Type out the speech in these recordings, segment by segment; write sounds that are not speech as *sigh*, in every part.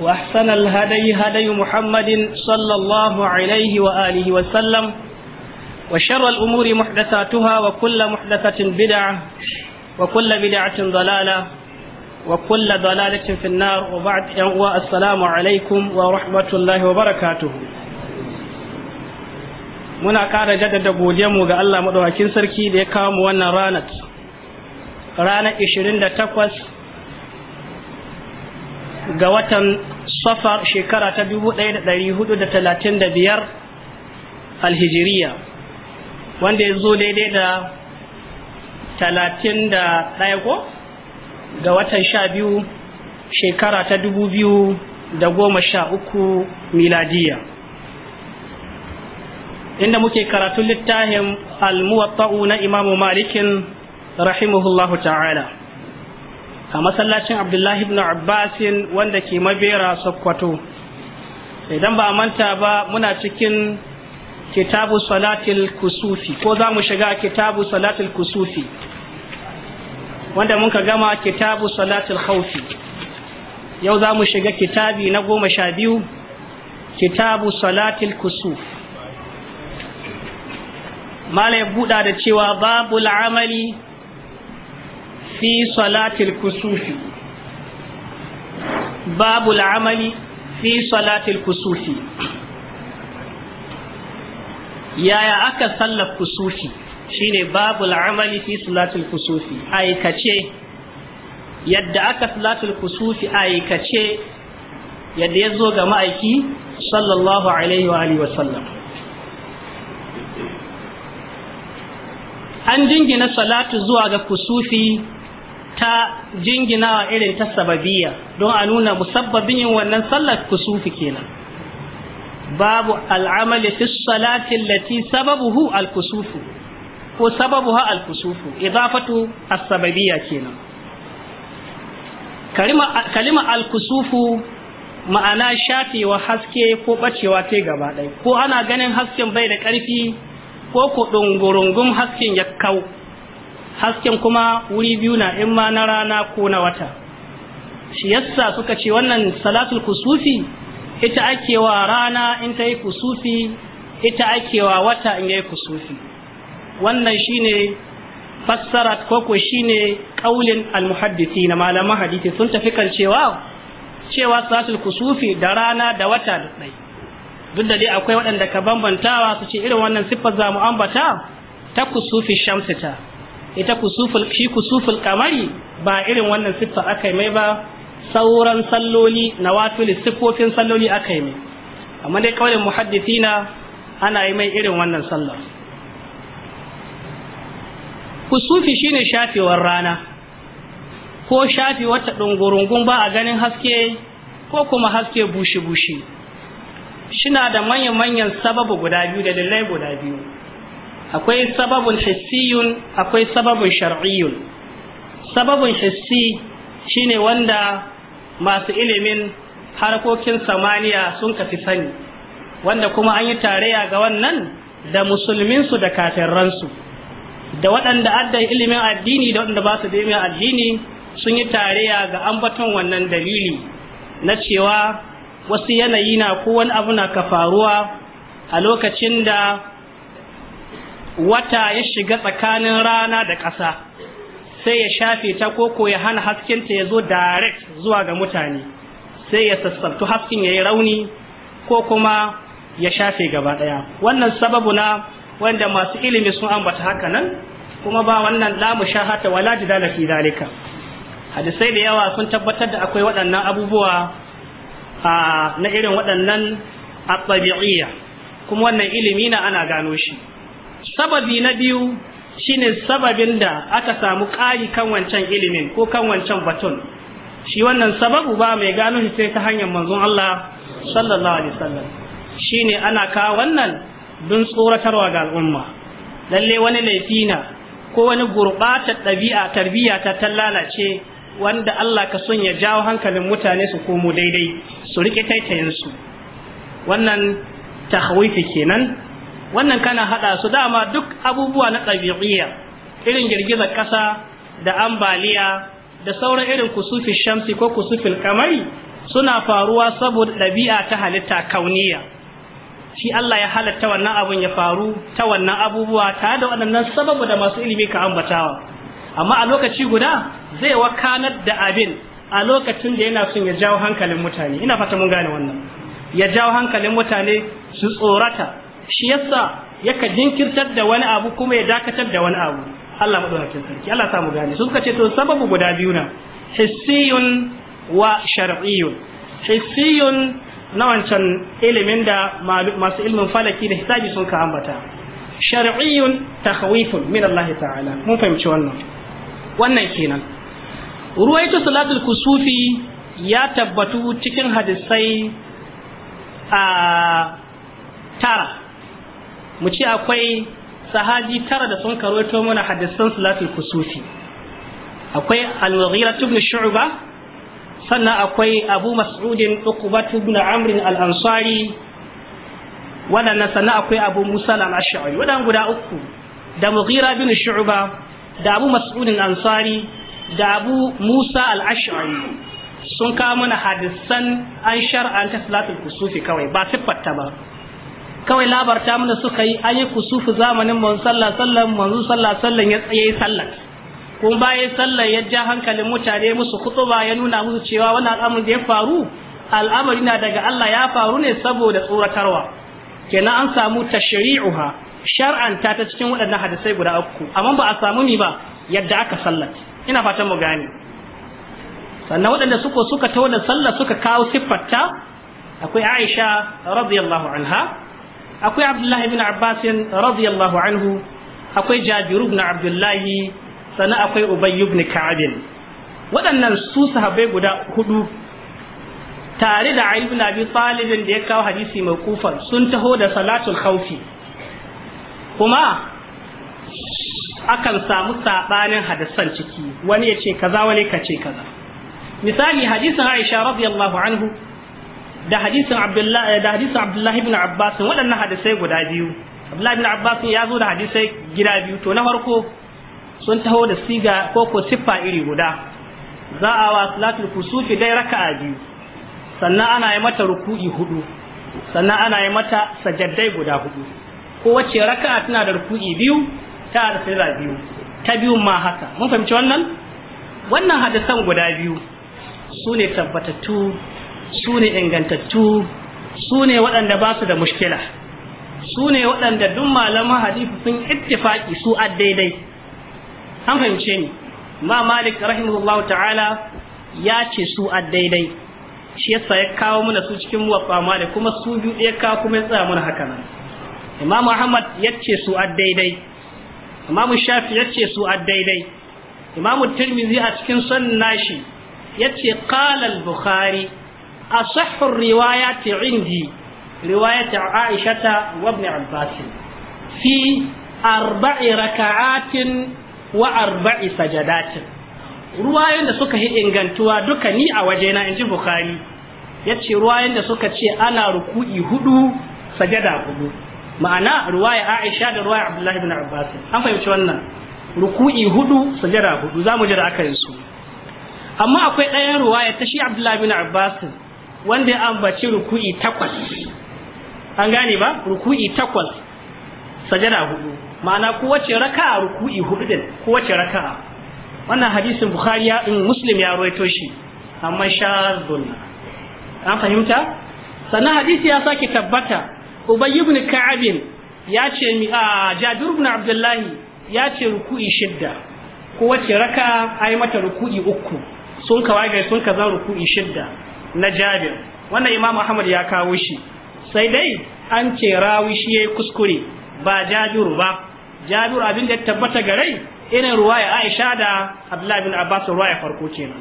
وأحسن الهدي هدي محمد صلى الله عليه وآله وسلم وشر الأمور محدثاتها وكل محدثة بدعة وكل بدعة ضلالة وكل ضلالة في النار وبعد السلام عليكم ورحمة الله وبركاته muna ƙara jaddada godiyarmu ga Allah maɗaukakin sarki da ya kawo mu wannan ranar ranar 28 ga watan safar shekara ta 1435 alhijiriya wanda ya zo daidai da 31 ko ga watan 12 shekara ta 2013 miladiya inda muke karatun littafin almuwatta'u na imamu malikin rahimahullahu ta'ala a masallacin abdullahi ibn abbasin wanda ke mabera sokoto idan ba manta ba muna cikin kitabu salatil kusufi ko za mu shiga kitabu salatil kusufi wanda muka gama kitabu salatil khawfi yau za mu shiga kitabi na goma sha biyu kitabu salatil kusuf mala ya buɗa da cewa babu amali في صلاة الكسوف باب العمل في صلاة الكسوف يا يا أكا صلى الكسوف شيني باب العمل في صلاة الكسوف أي كتشي يد أكا صلاة الكسوف أي كتشي يد يزوغ مأيكي صلى الله عليه وآله وسلم an jingina salatu zuwa ga kusufi ta jinginawa irin ta sababiyya don a nuna musabbabin yin wannan sallar kusufi kenan babu al'amali fi salati lati sababuhu al-kusufu ko sababuha al-kusufu idafatu as-sababiyya kenan kalima kalima al-kusufu ma'ana wa haske ko bacewa ta gaba ɗaya ko ana ganin hasken bai da ƙarfi ko ko dungurungun hasken ya kau hasken kuma wuri biyu na in ma na rana ko na wata shi yasa suka ce wannan salatul kusufi ita ake wa rana in ta yi kusufi ita ake wa wata in ya yi kusufi wannan shine fassara ko ko ne ƙaulin almuhaddisi na malaman hadisi sun tafi kan cewa cewa salatul kusufi da rana da wata da tsaye duk da dai akwai waɗanda ka bambantawa su ce irin wannan siffar mu ambata ta kusufi shamsita ita kusuful shi kusuful kamari ba irin wannan siffa aka yi mai ba sauran salloli na watuli siffofin salloli aka yi mai amma dai kawai muhaddithina ana yi mai irin wannan sallar kusufi shine shafewar rana ko shafi wata dungurungun ba a ganin haske ko kuma haske bushe-bushe shina da manya-manyan sababu guda biyu da dalilai guda biyu akwai sababun hissiyun akwai sababun shar'iyyun sababun hissi shine wanda masu ilimin harkokin samaniya sun kafi sani wanda kuma an yi tarayya ga wannan da musulminsu da kafirransu da waɗanda adda ilimin addini da waɗanda ba su da ilimin addini sun yi tarayya ga ambaton wannan dalili na cewa wasu yanayi na ko wani abu na ka faruwa a lokacin da wata ya shiga tsakanin rana da ƙasa sai ya shafe ta koko ya hana haskinta ya zo direct zuwa ga mutane sai ya sassabtu haskin ya yi rauni ko kuma ya shafe gaba ɗaya wannan sababu na wanda masu ilimi sun ambata haka nan kuma ba wannan lamu shahata wala jidala fi dalika hadisai da yawa sun tabbatar da akwai waɗannan abubuwa na irin waɗannan a kuma wannan ilimi na ana gano shi sababi na biyu shine sababin da aka samu ƙari kan wancan ilimin ko kan wancan batun shi wannan sababu ba mai gano shi sai ta hanyar manzon Allah sallallahu alaihi wasallam shine ana kawo wannan don tsoratarwa ga al'umma lalle wani laifina ko wani gurɓatar ɗabi'a tarbiyya ta ta lalace wanda Allah ka son ya jawo hankalin mutane su komo daidai su riƙe taitayensu wannan tahwifi kenan wannan kana hada su dama duk abubuwa na tabi'iyya irin girgizar kasa da ambaliya da sauran irin kusufi shamsi ko kusufin kamari suna faruwa saboda dabi'a ta halitta kauniya shi Allah ya halatta wannan abun ya faru ta wannan abubuwa tare da waɗannan sababu da masu ilimi ka ambatawa amma a lokaci guda zai wakanar da abin a lokacin da yana son ya jawo hankalin mutane ina fata mun gane wannan ya jawo hankalin mutane su tsorata shi yasa yaka jinkirtar da wani abu kuma ya dakatar da wani abu Allah madaukakin sarki Allah samu gane su suka ce to sababu guda biyu na hissiyun wa shar'iyyun hissiyun na wancan ilimin da masu ilimin falaki da hisabi sun ka ambata shar'iyyun takhawifun min Allah ta'ala mun fahimci wannan wannan kenan ruwaito salatul kusufi ya tabbatu cikin hadisai a tara mu ce akwai sahabi tara da sun karwato mana hadisan salatul kusufi akwai al-mughira ibn shu'ba sannan akwai abu Mas'udin uqbat ibn amr al-ansari wadannan sannan akwai abu musa al-ash'ari wadannan guda uku da mughira ibn shu'ba da abu Mas'udin ansari da abu musa al-ash'ari sun kawo mana hadisan an shar'anta salatul kusufi kawai ba siffarta ba kawai labarta mana suka yi an yi kusufu zamanin mun sallah sallan manzo sallah sallan ya tsaye sallan kuma baya sallah ya ja hankalin mutane musu kutuba ya nuna musu cewa wani al'amarin da ya faru al'amari na daga Allah ya faru ne saboda tsoratarwa kenan an samu tashri'uha shar'anta ta cikin waɗannan hadisai guda uku amma ba a samu ni ba yadda aka sallat ina fatan mu gane sannan waɗanda suka suka tauna sallah suka kawo siffarta akwai Aisha radiyallahu anha akwai abdullahi bin abbas radiyallahu anhu akwai jabiru bin abdullahi sannan akwai ubayyu ibn ka'ab waɗannan su sahabbai guda hudu tare da Ali bin Abi da ya kawo hadisi mai kufa sun taho da salatul khawfi kuma akan samu sabanin hadisan ciki wani ya ce kaza wani ka ce kaza misali hadisin Aisha radiyallahu anhu da hadisin abdullahi eh, da hadisin abdullahi ibn abbas waɗannan hadisai guda biyu abdullahi ibn abbas ya zo da hadisai gida biyu to na farko sun taho da siga ko ko siffa iri guda za a wa salatul kusufi dai raka'a biyu sannan ana yi mata ruku'i hudu sannan ana yi mata sajaddai guda hudu kowace raka'a tana da ruku'i biyu ta da sirra biyu ta biyun ma haka mun fahimci wannan wannan hadisan guda biyu su ne tabbatattu su ne ingantattu su ne waɗanda ba su da mushkila su ne waɗanda duk malaman hadisi sun ittifaki su a daidai an fahimce ni ma malik rahimahullah ta'ala ya ce su a daidai shi yasa ya kawo mana su cikin muwaffa malik kuma su biyu ya kawo kuma ya tsaya mana haka nan imam ahmad ya ce su a daidai imam shafi ya ce su a daidai imam tirmidhi a cikin son nashi ya ce qala bukhari أصح الروايات عندي رواية عائشة وابن عباس في أربع ركعات وأربع سجدات ruwayen da suka yi ingantuwa duka ni a wajena in ji bukari ya ce ruwayen da suka ce ana ruku'i hudu sajada hudu ma'ana ruwaya aisha da ruwaya abdullahi bin abbas an fahimci wannan ruku'i hudu sajada hudu za mu ji da aka yi su amma akwai ɗayan ruwaya ta shi abdullahi bin abbas wanda ya ambaci ruku'i takwas an gane ba ruku'i takwas sajada hudu ma'ana kowace raka ruku'i hudu din kowace raka wannan hadisin bukhari ya in muslim ya rawaito shi amma shadun an fahimta sannan hadisi ya sake tabbata ubay ibn ka'ab ya ce mi a jabir ibn abdullahi ya ce ruku'i shidda kowace raka ai mata ruku'i uku sun kawai sun kaza ruku'i shidda na jabir wannan imam ahmad ya kawo shi sai dai an ce rawi shi yayi kuskure ba jabiru ba jabiru abin da tabbata rai irin ruwaya aisha da abdullah bin abbas ruwaya farko kenan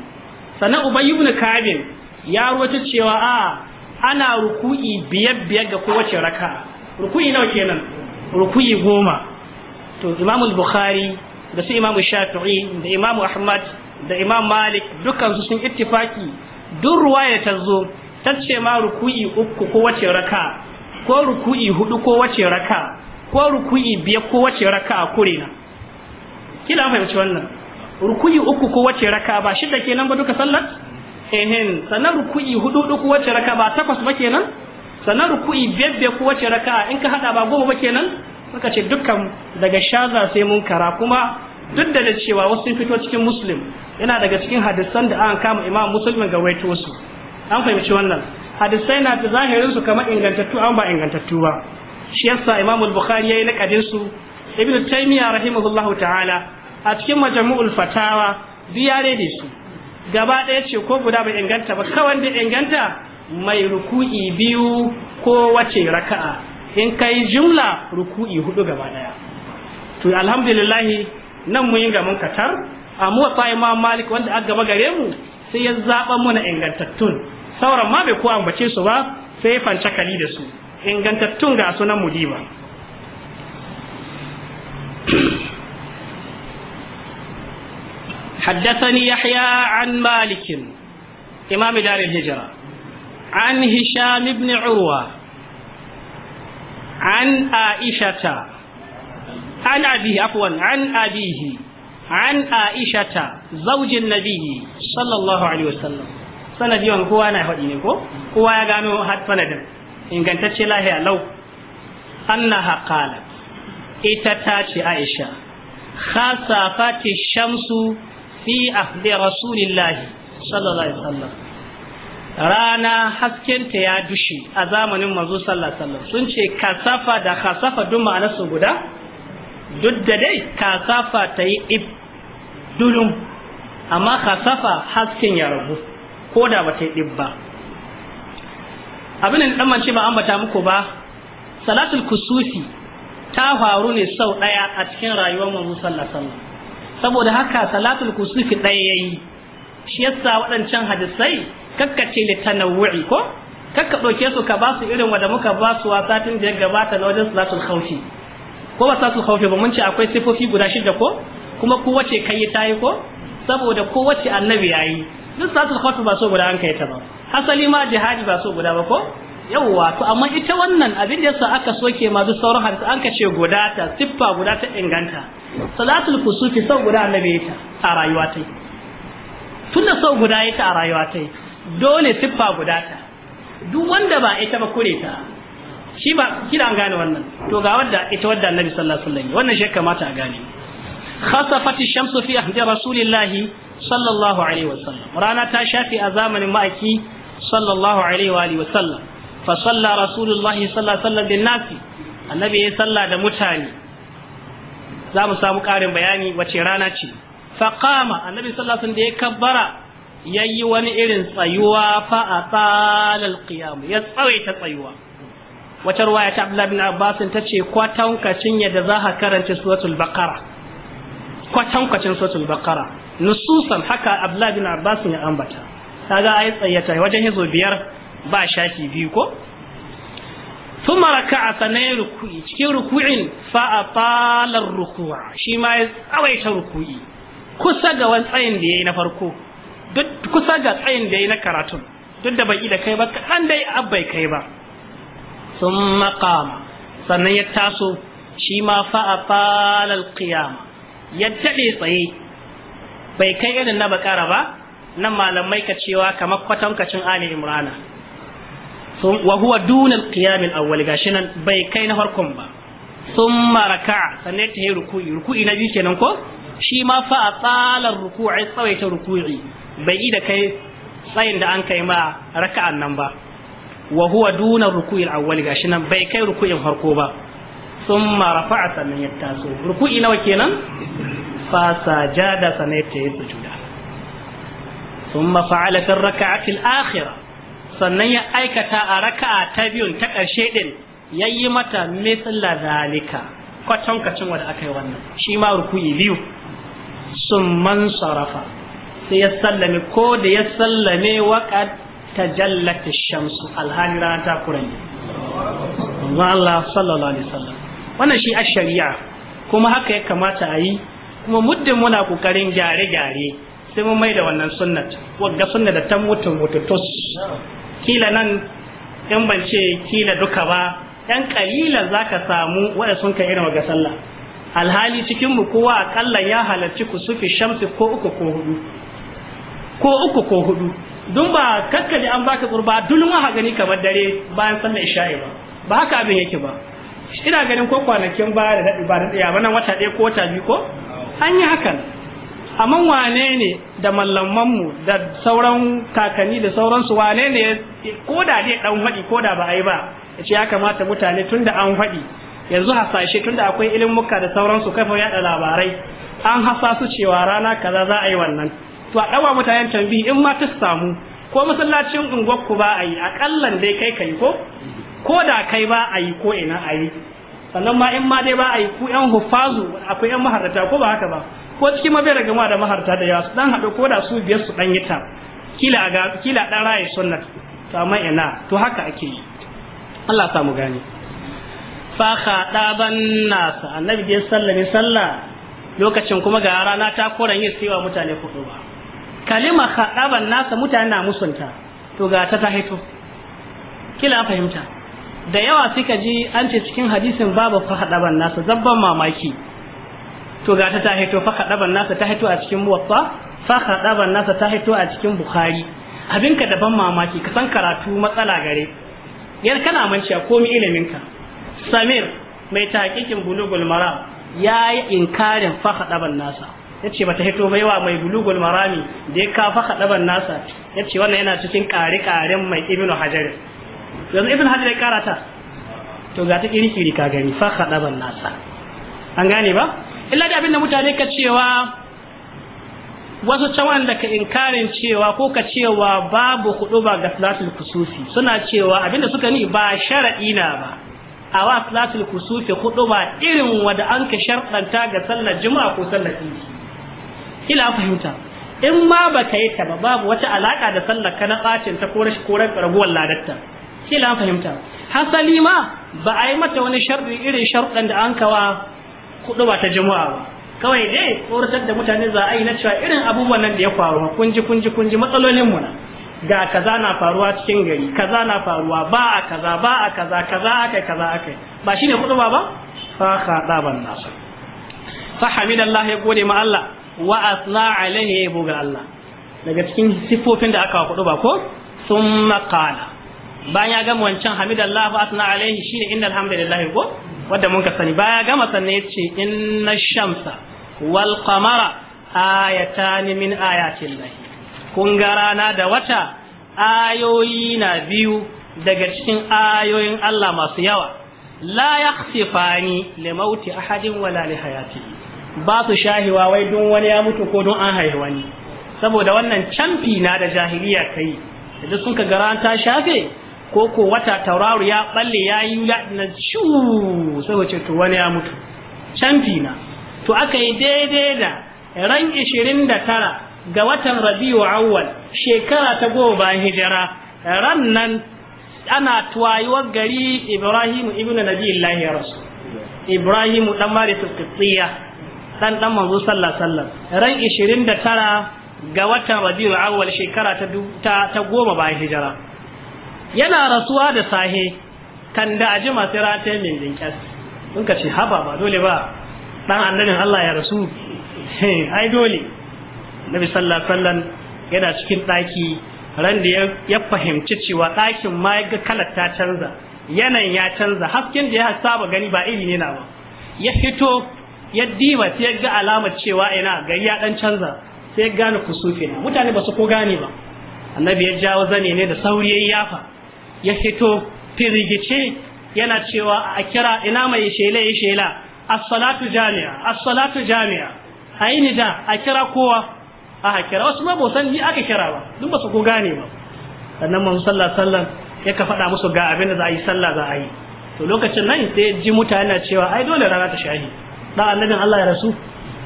sannan ubay ibn kabin ya ruwaita cewa a ana ruku'i biyar biyar ga kowace raka. ruku'i nawa kenan ruku'i goma to al bukhari da su imam shafi'i da Imam ahmad da imam malik dukansu sun ittifaki duk ruwaya ta zo ta ce ma ruku'i uku ko wace raka ko ruku'i hudu ko wace raka ko ruku'i biyar ko wace raka a kurina kila fahimci wannan ruku'i uku ko wace raka ba shi da ke nan ba duka sallar ehin sannan ruku'i hudu ko wace raka ba takwas ba kenan sannan ruku'i biyar biyar ko wace raka in ka hada ba goma ba kenan muka ce dukkan daga shaza sai mun kara kuma duk da da cewa wasu sun fito cikin muslim yana daga cikin hadisan da an kama imam musulmin ga waito wasu an fahimci wannan hadisai na da zahirin su kamar ingantattu an ba ingantattu ba shi yasa imam al-bukhari yayi nakadin su ibnu taymiya rahimahullahu ta'ala a cikin majmu'ul fatawa biyare da su gaba ɗaya ce ko guda bai inganta ba kawai da inganta mai ruku'i biyu ko wace raka'a in kai jumla ruku'i hudu gaba ɗaya to alhamdulillah nan mun yi gamin katar a motsa imam malik wanda an gaba gare mu sai ya zaɓa muna ingantattun sauran ma bai ko ambace su ba sai ya fanci kali da su ingantattun ga sunan mudiba حدثني يحيى عن مالك إمام دار الهجرة عن هشام بن عروة عن عائشة an abihi afwan an abihi an aishata zaujin nabiyyi sallallahu alaihi wasallam sanadi wani kowa na faɗi ne ko kowa ya gano har sanadin ingantacce lahiya lau annaha haƙala ita ta ce aisha fati shamsu fi ahdi rasulillahi sallallahu alaihi wasallam rana haskenta ya dushe a zamanin Mazu sallallahu alaihi wasallam sun ce kasafa da khasafa duk ma'anarsu guda duk da dai kasafa ta yi ib dulum amma kasafa hasken ya ragu ko da ba ta yi ba abin da ɗan ce ba ambata muku ba salatul kusufi ta faru ne sau ɗaya a cikin rayuwar manzo sallallahu saboda haka salatul kusufi ɗaya yayi shi yasa waɗancan hadisai kakkace ta nau'i ko kakka ɗauke su ka ba su irin wanda muka ba su wa satin da ya gabata na wajen salatul khawfi ko ba su haufe ba mun ce akwai sifofi guda shida ko kuma kowace kai ta yi ko saboda kowace annabi yi. duk su khawfi ba so guda an kai ta ba hasali ma jihadi ba so guda ba ko yawwa to amma ita wannan abin da yasa aka soke ma duk sauran hadisi an kace guda ta siffa guda ta inganta salatul kusufi sau guda annabi ta a rayuwa Tun tunda sau guda ya ta a rayuwa ta dole siffa guda ta duk wanda ba ita ba kure ta shi ba da an gane wannan to ga wadda ita wadda annabi sallallahu alaihi wasallam wannan shi kamata a gane khasafati shamsu fi ahdi rasulillahi sallallahu alaihi wasallam rana ta shafi a zamanin ma'aiki sallallahu alaihi wa alihi wasallam fa salla rasulullahi sallallahu alaihi wasallam bin nasi annabi ya salla da mutane za mu samu karin bayani wace rana ce fa qama annabi sallallahu alaihi wasallam da ya kabbara yayi wani irin tsayuwa fa a tsalal qiyam ya tsawaita tsayuwa wata ruwa ta abdullahi bin Abbas ta ce kacin yadda za ka karanta suratul baqara kacin suratul baqara nususan haka abdullahi bin Abbas ya ambata kaga ayi tsayyata wajen hizo biyar ba shafi biyu ko thumma raka'a سنه ruku'i cikin ruku'in fa atala ruku'a shi ma ya tsawaita ruku'i kusa ga wani tsayin da yayi na farko duk kusa ga tsayin da yayi na karatun duk da bai da kai ba kan dai abbai kai ba Sun maƙama, sannan ya taso shi ma fa'a falal ƙiyama. ya daɗe tsaye bai kai irin na bakara ba nan malamai ka cewa kamar kwatankacin ali imrana wa huwa duna alqiyam alawwal gashi nan bai kai na farkon ba thumma raka'a sannan ta yi ruku'i ruku'i na biyu kenan ko shi ma fa tsalar ruku'i tsawaita ruku'i bai yi da kai tsayin da an kai ma raka'an nan ba wa huwa duna ruku'il awwal gashi nan bai kai ruku'in farko ba summa rafa'a sannan ya taso ruku'i nawa kenan fa sajada sannan ya tayi sujuda summa fa'ala fi rak'atil akhirah sannan ya aikata a raka'a ta biyun ta karshe din yayi mata mithla zalika kwaton kacin wanda aka yi wannan shi ma ruku'i biyu summan sarafa sai ya sallame ko da ya sallame waqad tajallat ash-shamsu alhali rana ta kuranye manzo Allah wannan shi a shari'a kuma haka ya kamata a yi kuma muddin muna kokarin gyare-gyare sai mun mai da wannan sunnat wadda sunna da ta mutu mututus kila nan yan ban ce kila duka ba yan kalilan ka samu wanda sun kai irin ga sallah alhali cikin mu kowa akalla ya halarci kusufi shamsi ko uku ko hudu ko uku ko hudu dun ba kakkaji an baka qurba dun ma gani kamar dare bayan sallar isha'i ba ba haka abin yake ba ina ganin ko kwanakin baya da dadi ba da tsaya nan wata ɗaya ko wata biyu ko an yi hakan amma wane ne da mu da sauran kakanni da sauransu wane ne ko da dai dan faɗi ko da ba a yi ba ya ce ya kamata mutane tun da an faɗi yanzu hasashe tun da akwai ilimuka da sauransu kafa yaɗa labarai an hasasu cewa rana kaza za a yi wannan to a ɗawa mutanen can in ma ta samu ko masallacin unguwar ba a yi aƙallan dai kai kai ko ko da kai ba a yi ko ina a yi sannan ma in ma dai ba a yi ku yan hufazu akwai yan maharata ko ba haka ba ko cikin mabiyar da gama da maharata da yawa su dan haɗu ko da su biyar su dan yi ta kila ga kila dan raye sunnat to amma ina to haka ake yi Allah ya samu gane fa khadaban nasa annabi dai alaihi wasallam lokacin kuma ga rana ta koran yi sai wa mutane ku ba kalima haɗaban nasa mutane na musunta to ga ta ta hito kila fahimta da yawa suka ji an ce cikin hadisin babu haɗaban nasa zabban mamaki to ga ta ta hito fa haɗaban nasa ta hito a cikin muwatta fa haɗaban nasa ta hito a cikin bukhari abin ka daban mamaki ka san karatu matsala gare yar kana manciya komi iliminka samir mai taƙiƙin bulugul mara ya yi inkarin fa haɗaban nasa yace ta hito wa mai bulugul marami da ya kafa hadaban nasa yace wannan yana cikin kare karen mai ibnu hajar yanzu ibnu hajar ya karata to ga ta kiri-kiri ka gani fa hadaban nasa an gane ba illa da abinda mutane ka cewa wasu cawan da ka inkarin cewa ko ka cewa babu hudu ba ga salatul kusufi suna cewa abinda suka ni ba shar'i na ba a wa salatul kusufi hudu ba irin wanda an ka sharɗanta ga sallar juma'a ko sallar idi kila fahimta in ma ka yi ta ba babu wata alaka da sallar ka na bacin ta ko raguwar ladarta kila fahimta hasali ma ba a yi mata wani sharɗi irin sharuɗan da an kawa kudu ba ta Juma'a ba kawai dai tsoratar da mutane za a yi na cewa irin abubuwan nan da ya faru kunji kunji kunji matsalolin mu na ga kaza na faruwa cikin gari kaza na faruwa ba a kaza ba a kaza kaza akai kaza akai ba shine kudu ba ba fa khadaban nasu fa gode ma Allah wa asla alaihi buga Allah daga cikin siffofin da aka kudu ba ko sun makala bayan ya gama wancan hamidallah wa asla alaihi shine inda alhamdulillah ko wadda mun ka sani baya gama ya ce inna shamsa wal qamara ayatani min ayatillah kun ga rana da wata ayoyi na biyu daga cikin ayoyin Allah masu yawa la yakhsifani li mauti ahadin wala ne hayati. ba su shahiwa wai don wani ya mutu ko don an haihu wani saboda wannan camfi na da jahiliya kai da sun ka gara ta shafe ko ko wata tauraro ya balle ya yi na shu saboda wace to wani ya mutu canfi na to aka yi daidai da ran 29 ga watan rabiu awwal shekara ta goma bayan hijira ran nan ana tuwayuwar gari ibrahim ibn nabiyillahi ya ibrahim dan mari tsitsiyya dan dan manzo sallallahu wasallam ran 29 ga watan Rabiul Awwal shekara ta ta, ta goma bayan hijira yana rasuwa da sahe kan da aji masu rata min dinkas in ka ce haba ba dole ba dan annabin Allah ya rasu *laughs* ai dole nabi sallallahu wasallam yana cikin daki ran da ya fahimci cewa dakin ma ya ga kalar ta canza yanayin ya canza hasken da ya saba gani ba iri ne na ba ya fito ya diba sai ga alamar cewa ina gari ya dan canza sai gane kusufi na mutane ba su ko gane ba annabi ya jawo zane ne da sauri ya yafa ya fito firigice yana cewa a kira ina mai shela ya shela as-salatu jami'a as-salatu jami'a aini da a kira kowa a kira wasu ma bosan ni aka kira ba duk ba su ko gane ba sannan mun sallallahu sallan ya ka faɗa musu ga abin da za a yi sallah za a yi to lokacin nan sai mutane ji mutane cewa ai dole rana ta shahi dan annabin Allah ya rasu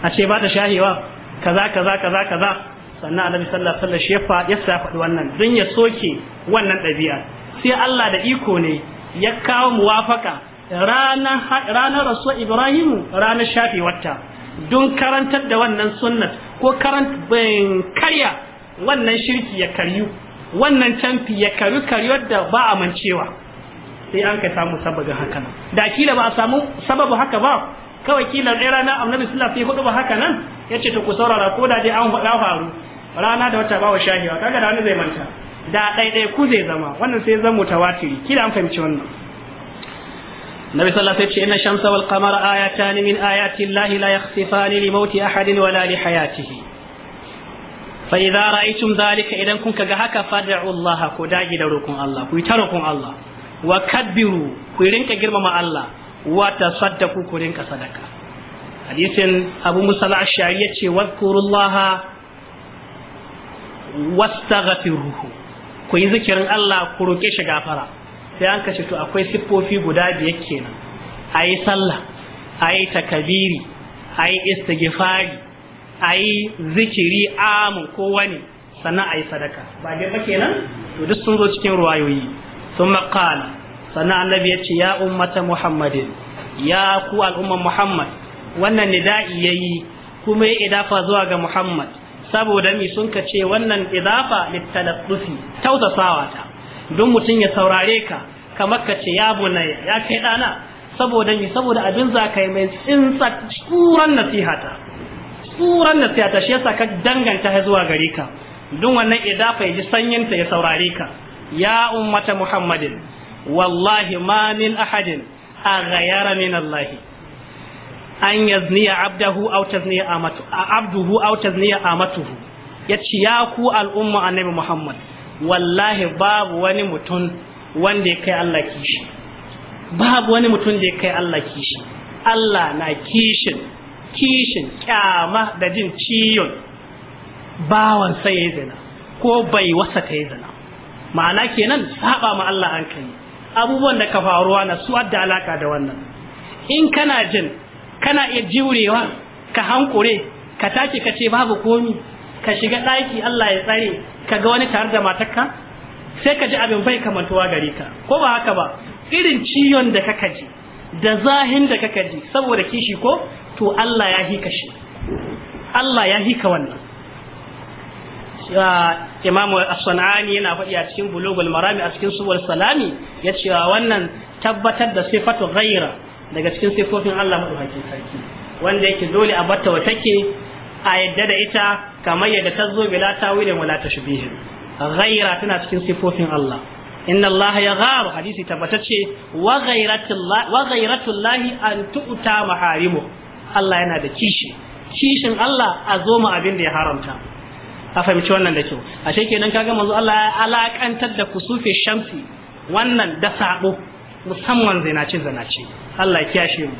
a ce ba ta shahewa kaza kaza kaza kaza sannan annabi sallallahu alaihi wasallam shi ya faɗi wannan don ya soke wannan ɗabi'a sai Allah da iko ne ya kawo muwafaka ranar ranar rasu Ibrahim ranar shafi wata don karantar da wannan sunnat ko karant karya wannan shirki ya karyu wannan canfi ya karyu karyar da ba a mancewa sai an ka samu sabbin hakan. da kila ba a samu sababu haka ba kawai kila ɗaya rana annabi sallallahu alaihi wasallam hudu ba haka nan yace to ku saurara ko da dai an faɗa faru rana da wata bawa shahiwa kaga da wani zai manta da ɗaiɗai ku zai zama wannan sai zan mutawatiri kila an fahimci wannan النبي صلى الله عليه وسلم إن الشمس والقمر آيتان من آيات الله لا يخسفان لموت أحد ولا لحياته فإذا رأيتم ذلك إذا كنت كهك فادعوا الله كداجي دوركم الله كيتركم الله وكبروا كيرنك جرم مع الله wa tasaddaqu ku rinka sadaka hadisin abu musa al-ashari yace wadhkurullaha wastaghfiruhu ku yi zikirin Allah ku roke shi gafara sai an kace to akwai siffofi guda biyar kenan ayi sallah ayi takabiri ayi istighfari ayi zikiri amu ko wani sannan ayi sadaka ba dai ba kenan to duk sun zo cikin ruwayoyi sun maƙala sannan annabi ya ce ya ummata muhammadin ya ku al'umman muhammad wannan nida'i yayi kuma ya idafa zuwa ga muhammad saboda mi sun ka ce wannan idafa littalaffufi tausasawa ta don mutum ya saurare ka kamar ka ce ya bu ya kai dana saboda mi saboda abin za ka yi mai tsinsa tsuran nasihata tsuran nasihata shi yasa ka danganta zuwa gare ka don wannan idafa ya ji sanyinta ya saurare ka ya ummata muhammadin wallahi ma min ahadin aghayyara min Allah an yazniya abdahu aw tazniya amatu abduhu aw tazniya amatuhu yace ya ku al'umma annabi Muhammad wallahi babu wani mutum wanda ya kai Allah kishi babu wani mutum da ya kai Allah kishi Allah na kishin kishin kyama da jin ciyon bawan sai ya zina ko bai wasa ta yi zina ma'ana kenan saba ma Allah an abubuwan da ka faruwa na su da alaka da wannan in kana jin kana iya jurewa ka hankure ka taki ka ce babu komi ka shiga ɗaki Allah ya tsare ka ga wani tare da matarka sai ka ji abin bai kamantuwa gare ka ko ba haka ba irin ciyon da kaka ji da zahin da kaka ji saboda kishi ko to Allah ya hika shi Allah ya hika wannan imam as-sanani yana faɗi a cikin bulugul marami a cikin subul salami ya cewa wannan tabbatar da sifatu ghaira daga cikin sifofin Allah madaukakin sarki wanda yake dole a batta wa take a yadda da ita kamar yadda ta zo bila tawilin wala tashbihin ghaira tana cikin sifofin Allah inna Allah ya gharu hadisi tabbatacce ce, wa ghairatullahi an tu'ta maharimu Allah yana da kishi kishin Allah a zo mu abin da ya haramta A fahimci wannan da kyau ashe kenan kaga manzo Allah ya alakantar da kusufi shamsi wannan da sabo musamman zinace zinace Allah ya kiyashe mu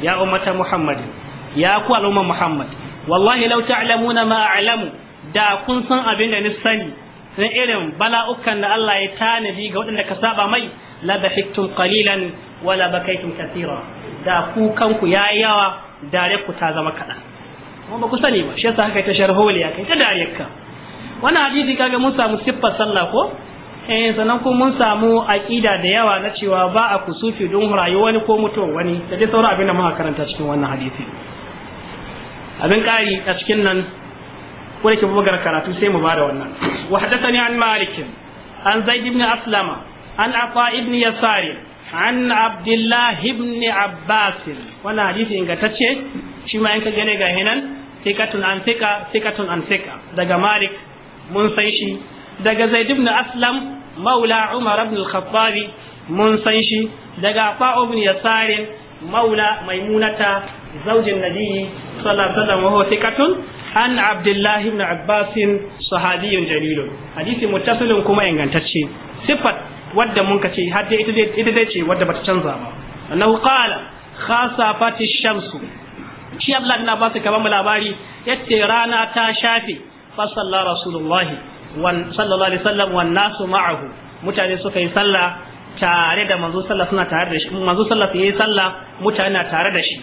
ya ummata Muhammadin ya ku al'umma Muhammad wallahi law ta'lamuna ma a'lamu da kun san abin da ni sani na irin bala'ukan da Allah ya tanadi ga waɗanda ka saba mai la bahittum qalilan wala bakaitum kathira da ku kanku yayi yawa dare ku ta zama kaɗan kuma ba ku sani ba shi yasa haka ta sharholiya kai ta dariyarka wannan hadisi kaga mun samu siffar sallah ko eh sanan kuma mun samu aqida da yawa na cewa ba a kusufi don rayuwa wani ko mutuwa wani da dai sauran abin da muka karanta cikin wannan hadisi abin kari a cikin nan ko da ke bugar karatu sai mu ba da wannan wa hadathani an malik an zaid ibn aslama an afa ibn yasar an abdullah ibn abbas wannan hadisi ingantacce shi ma in ka gane ga hinan sikatun an sika sikatun an sika daga malik mun san shi daga zaid ibn aslam maula umar ibn al-khattab mun san shi daga qa ibn yasar maula maimunata zaujin nabiyyi sallallahu alaihi wasallam huwa sikatun an abdullah ibn abbas sahabiyyun jalilun hadisi muttasilun kuma ingantacce sifat wadda mun kace hadda ita dai ita dai ce wadda bata canza ba annahu qala khasafati shamsu shi Allah na ba su kamar labari yace rana ta shafe fa sallallahu rasulullahi wan sallallahu alaihi wasallam wan nasu ma'ahu mutane suka yi sallah tare da manzo sallah suna tare da shi manzo sallah yayi sallah mutane na tare da shi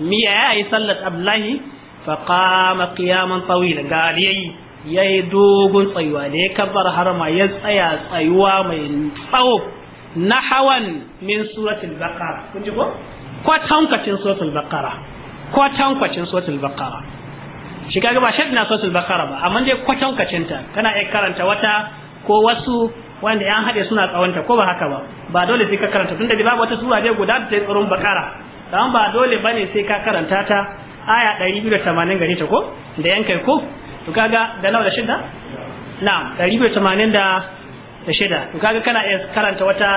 Mi ya yi sallat ablahi fa qama qiyaman tawila ga yayi yayi dogon tsayuwa da ya kabbar harama ya tsaya tsayuwa mai tsawo nahawan min suratul baqara kun ji ko kwatankacin suratul baqara kwatankwacin suratul bakara, shi kaga ba shaddi na suratul bakara ba amma dai kwatankwacin ta kana iya karanta wata ko wasu wanda yan haɗe suna tsawonta ko ba haka ba ba dole sai ka karanta tunda da babu wata sura dai guda da ta tsaron bakara dan ba dole bane sai ka karanta ta aya 280 gare ta ko da yankai ko to kaga da nawa da shida na'am 280 da shida to kaga kana iya karanta wata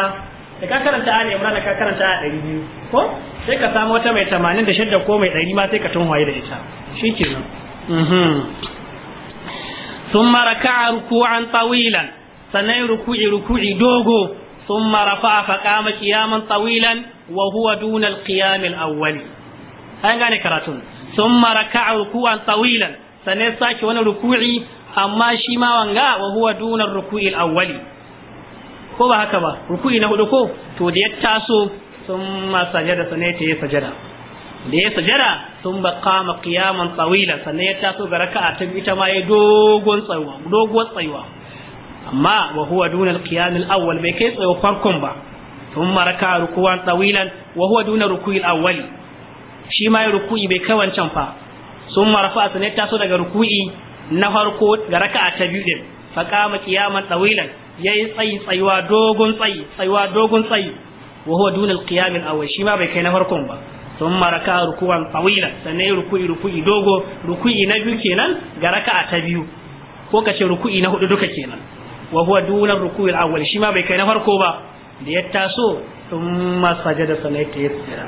da ka karanta ali imran ka karanta a ɗari biyu ko sai ka samu wata mai tamanin da shidda ko mai ɗari ma sai ka tunwaye da ita shi ke nan sun mhm. mara ka ruku'an tsawilan sannan ruku'i ruku'i dogo sun mara fa'a faƙama kiyaman tsawilan wa huwa dunal kiyamil sun mara ka ruku'an tsawilan sannan sake wani ruku'i amma shi ma wanga wa huwa ko ba haka ba ruku'i na hudu ko to da ya taso sun ma sajada sanai ta yi sajada da ya sajada sun ba kama kiyaman tsawila sannan ya taso ga raka'a ta ita ma ya dogon tsayuwa dogon tsayuwa amma wa huwa duna al-qiyam al-awwal bai kai tsayo farkon ba sun ثم ركع tsawilan, طويلا وهو دون ركوع الاول shi ma ruku'i bai kai wancan fa sun marafa a sanar taso daga ruku'i na farko ga raka'a ta biyu din fa kama kiyaman tsawilan. yayi tsayi tsayiwa dogon tsayi tsayiwa dogon tsayi wa huwa dunal qiyam al shi ma bai kai na farkon ba sun maraka rukuwan tawila sannan ruku'i ruku'i dogo ruku'i na biyu kenan ga raka'a ta biyu ko kace ruku'i na hudu duka kenan wa huwa dunal ruku'i al-awwal shi ma bai kai na farko ba da ya taso ma sajada sannan ya tsira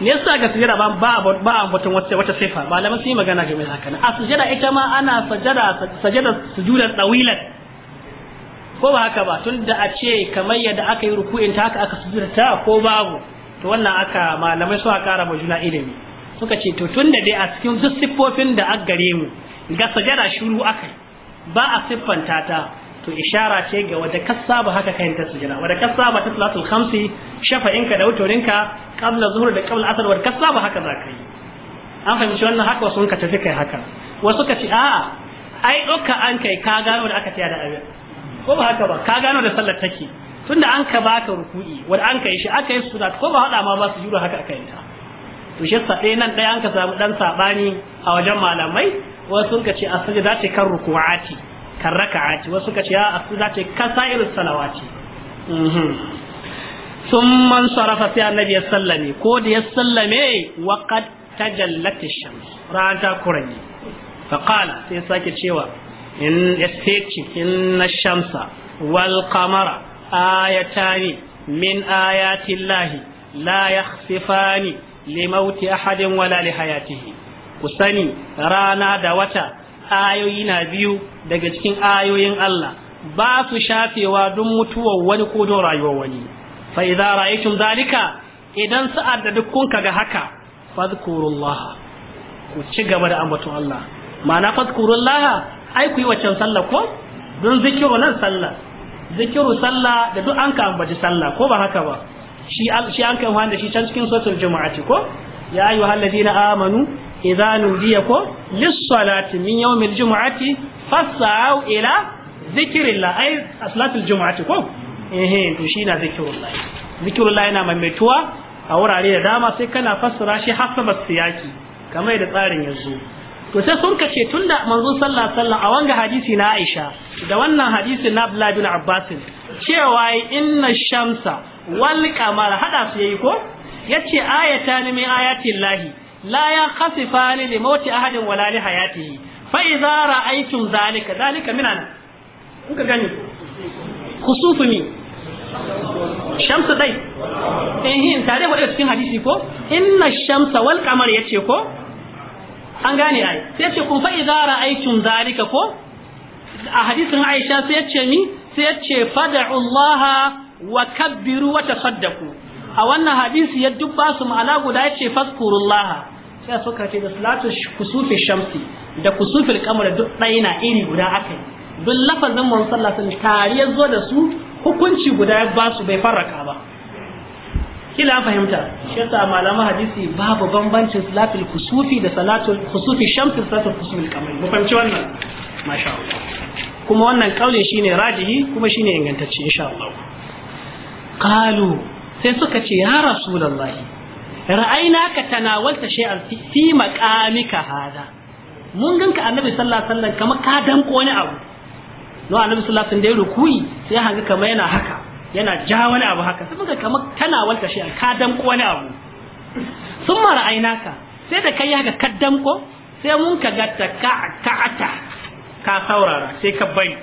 ne yasa ga sujada ba ba ba ambaton wata wata sifa malaman sun yi magana game da haka a sujada ita ma ana sajada sajada sujudan tawilan ko ba haka ba tun da a ce kamar yadda aka yi ruku'in ta haka aka ta, ko babu to wannan aka malamai suka kara ma juna ilimi suka ce to tun da dai a cikin duk siffofin da aka gare mu ga sajada shuru akai ba a siffanta ta to ishara ce ga wanda ka saba haka kai ta sujada Wanda ka saba ta salatul khamsi shafa'inka da wutorinka qabla zuhur da qabla asr wanda ka saba haka za ka yi an fahimci wannan haka wasu ka tafi kai haka wasu ka ce a'a ai ɗauka an kai ka gano da aka tiya da abin ko ba haka ba ka gano da sallar take tunda an ka baka ruku'i wanda an ka yi shi aka yi sujud ko ba hada ma ba su juro haka aka yi ta to shi sa nan ɗaya an ka samu dan sabani a wajen malamai wasu sun ka ce a sajda ce kan ruku'ati kan raka'ati wasu ka ce a as ce kan sa'irus salawati mhm. sun man sarrafa sai annabi ya sallame ko da ya sallame waqad tajallat ash-shams ran ta fa qala sai sake cewa in in na shamsa wal kamara ayatani min ayati llahi la yakhsifani li mauti ahadin wala li hayatihi ku sani rana da wata ayoyi na biyu daga cikin ayoyin Allah ba su shafewa don mutuwar wani ko don rayuwar wani fa idza ra'aytum zalika idan sa'ad da duk kun kaga haka fadhkurullah ku ci gaba da ambaton Allah ma'ana fadhkurullah ai ku yi waccan sallah ko don zikiru nan sallah zikiru sallah da duk an ka ambaci sallah ko ba haka ba shi shi an kai wanda shi can cikin suratul jumu'ati ko ya ayu ladina amanu idza nudiya ko lis-salati min yawmil jumu'ati fas'au ila zikrillah ai salatul jumu'ati ko eh to shi na zikrullah zikrullah yana maimaituwa a wurare da dama sai kana fassara shi hasaba siyaki kamar da tsarin yanzu to sai sun kace tunda manzon sallallahu alaihi wasallam a wanga hadisi na Aisha da wannan hadisin na Abdullah bin Abbas cewa inna shamsa wal qamara hada su yayi ko yace ayatan min ayati llahi la ya yakhsifani li mauti ahadin wala li hayatihi fa idza ra'aytum zalika zalika min ana kuka gani kusufu mi shamsu dai eh in tare wa cikin hadisi ko inna shamsa wal qamara yace ko an gane ai sai ce kun fa idza ra'aytum zalika ko a hadisin Aisha sai yace mi sai yace fad'u Allah wa kabbiru wa tasaddaqu a wannan hadisi ya dubba su ma'ana guda yace fazkurullah sai suka ce da salatu kusufi shamsi da kusufil qamar duk ɗaya na iri guda akai duk lafazin mun sallallahu alaihi wasallam zo da su hukunci guda ba su bai farraka ba kila an fahimta shi yasa malaman hadisi babu bambancin salatul kusufi da salatul kusufi shamsi salatul kusufi kamar mu fahimci wannan masha Allah kuma wannan kaulin shine rajihi kuma shine ingantacce insha Allah qalu sai suka ce ya rasulullahi ra'ayna ka tanawalta shay'an fi maqamika hada mun ganka annabi sallallahu alaihi wasallam kamar ka danko wani abu no annabi sallallahu alaihi wasallam da ya rukuyi sai hanga kamar yana haka yana ja wani abu haka sai muka kamar kana walta shi ka damko wani abu sun mara ainaka sai da kai haka ka danko, sai mun ka gatta ka ka'ata ka saurara sai ka bari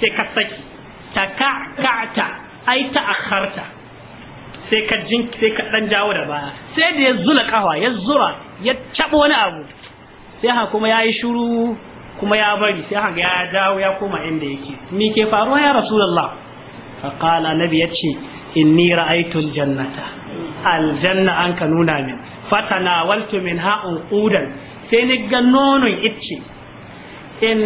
sai ka saki ta ka ka'ata ai ta akharta sai ka jin sai ka dan jawo da baya sai da ya zula kawa ya zura ya tabo wani abu sai ha kuma yayi shiru kuma ya bari sai ha ya dawo ya koma inda yake me ke faruwa ya rasulullah faƙala nabi ya ce inni ra'aitul jannata aljanna an ka nuna min fatana waltu min ha'un qudan sai ni ga nonon in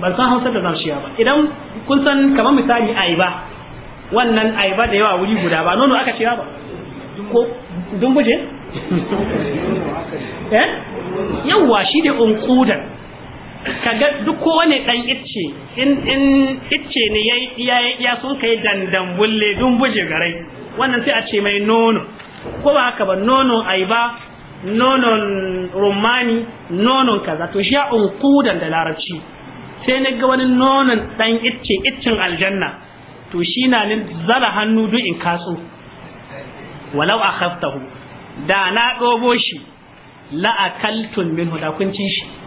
ba san hausa da zan shiya ba idan kun san kamar misali aiba wannan aiba da yawa wuri guda ba nono aka shiya ba ko dumbuje eh yawa kaga duk kowane dan icce in in icce ne ya iya iya sun kai dandan bulle dun buje garai wannan sai a ce mai nono ko ba haka ba nono aiba nonon rumani nonon kaza to shi ya unqudan da larabci sai na ga wani nonon dan icce iccen aljanna to shi na nin zara hannu duk in kaso walau akhaftahu da na dobo shi la akaltun minhu da kun ci shi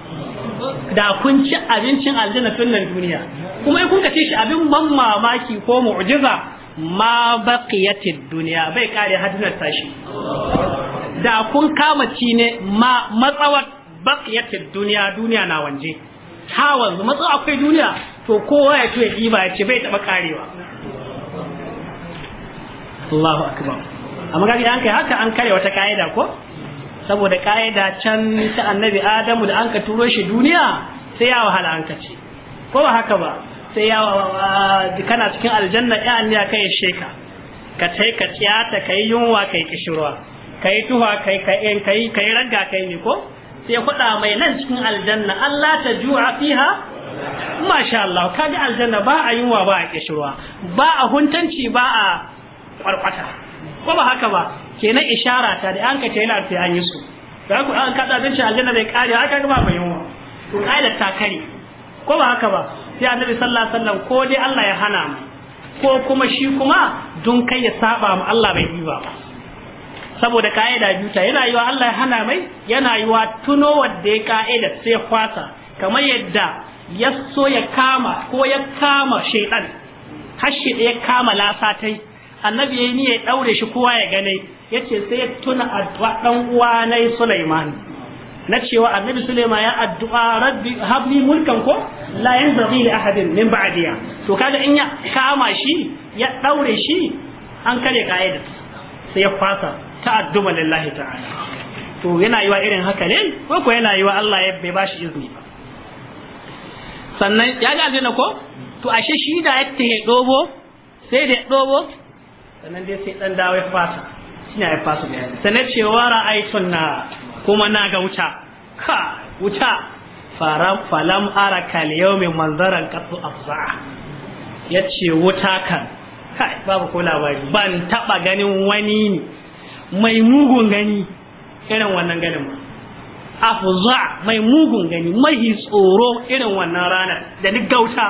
da kun ci abincin aljanna tun nan duniya kuma in kun ka ci shi abin ban mamaki ko mu'jiza ma baqiyatid duniya bai kare hadinar tashi da kun kama ci ne ma matsawar baqiyatid duniya duniya na wanje ha wanzu matsa akwai duniya to kowa ya tuya ba ya ce bai taɓa karewa Allahu akbar amma ga an kai haka an kare wata ka'ida ko saboda ka'ida can ta annabi adamu da an ka turo shi duniya sai ya wahala an ka ko ba haka ba sai ya kana cikin aljanna ya an ya kai sheka ka tai ka tsiyata kai yunwa kai kishirwa kai tuha kai kai kai kai ranga kai ne ko sai kwada mai nan cikin aljanna Allah ta ju'a fiha masha Allah kaga aljanna ba a yunwa ba a kishirwa ba a huntanci ba a kwarkwata ko ba haka ba kenan ishara ta da an ka ce yana sai an yi su da ku an kada zance aljanna bai kare aka ga ba mai yunwa to kaida ta kare ko ba haka ba sai annabi sallallahu alaihi wasallam ko dai Allah ya hana mu ko kuma shi kuma don kai ya saba mu Allah bai yi ba saboda ka'ida biyu ta yana yiwa Allah ya hana mai yana yiwa tuno wadda ya ka'ida sai kwasa kamar yadda ya so ya kama ko ya kama shaitan har shi ya kama lasatai annabi ya yi ya daure shi kowa ya gane yace sai ya tuna addu'a dan uwa nai Sulaiman na cewa annabi Sulaiman ya addu'a rabbi habli mulkan ko la yanbaghi li ahadin min ba'diya to kaga in ya kama shi ya daure shi an kare kaida sai ya fasa ta ta'adduma lillahi ta'ala to yana yiwa irin haka ne ko ko yana yiwa Allah ya bai bashi izini ba sannan ya ga aljanna ko to ashe shi da ya tahe dobo sai da dobo sannan dai sai dan dawai ya fasa shine ya fasu bayani cewa ra'aitun na kuma na ga wuta ka wuta faram falam ara kal yawmin manzaran qatu afza ce wuta kan kai babu ko labari ban taba ganin wani ne mai mugun gani irin wannan ganin ba afza mai mugun gani mai tsoro irin wannan ranar da duk gauta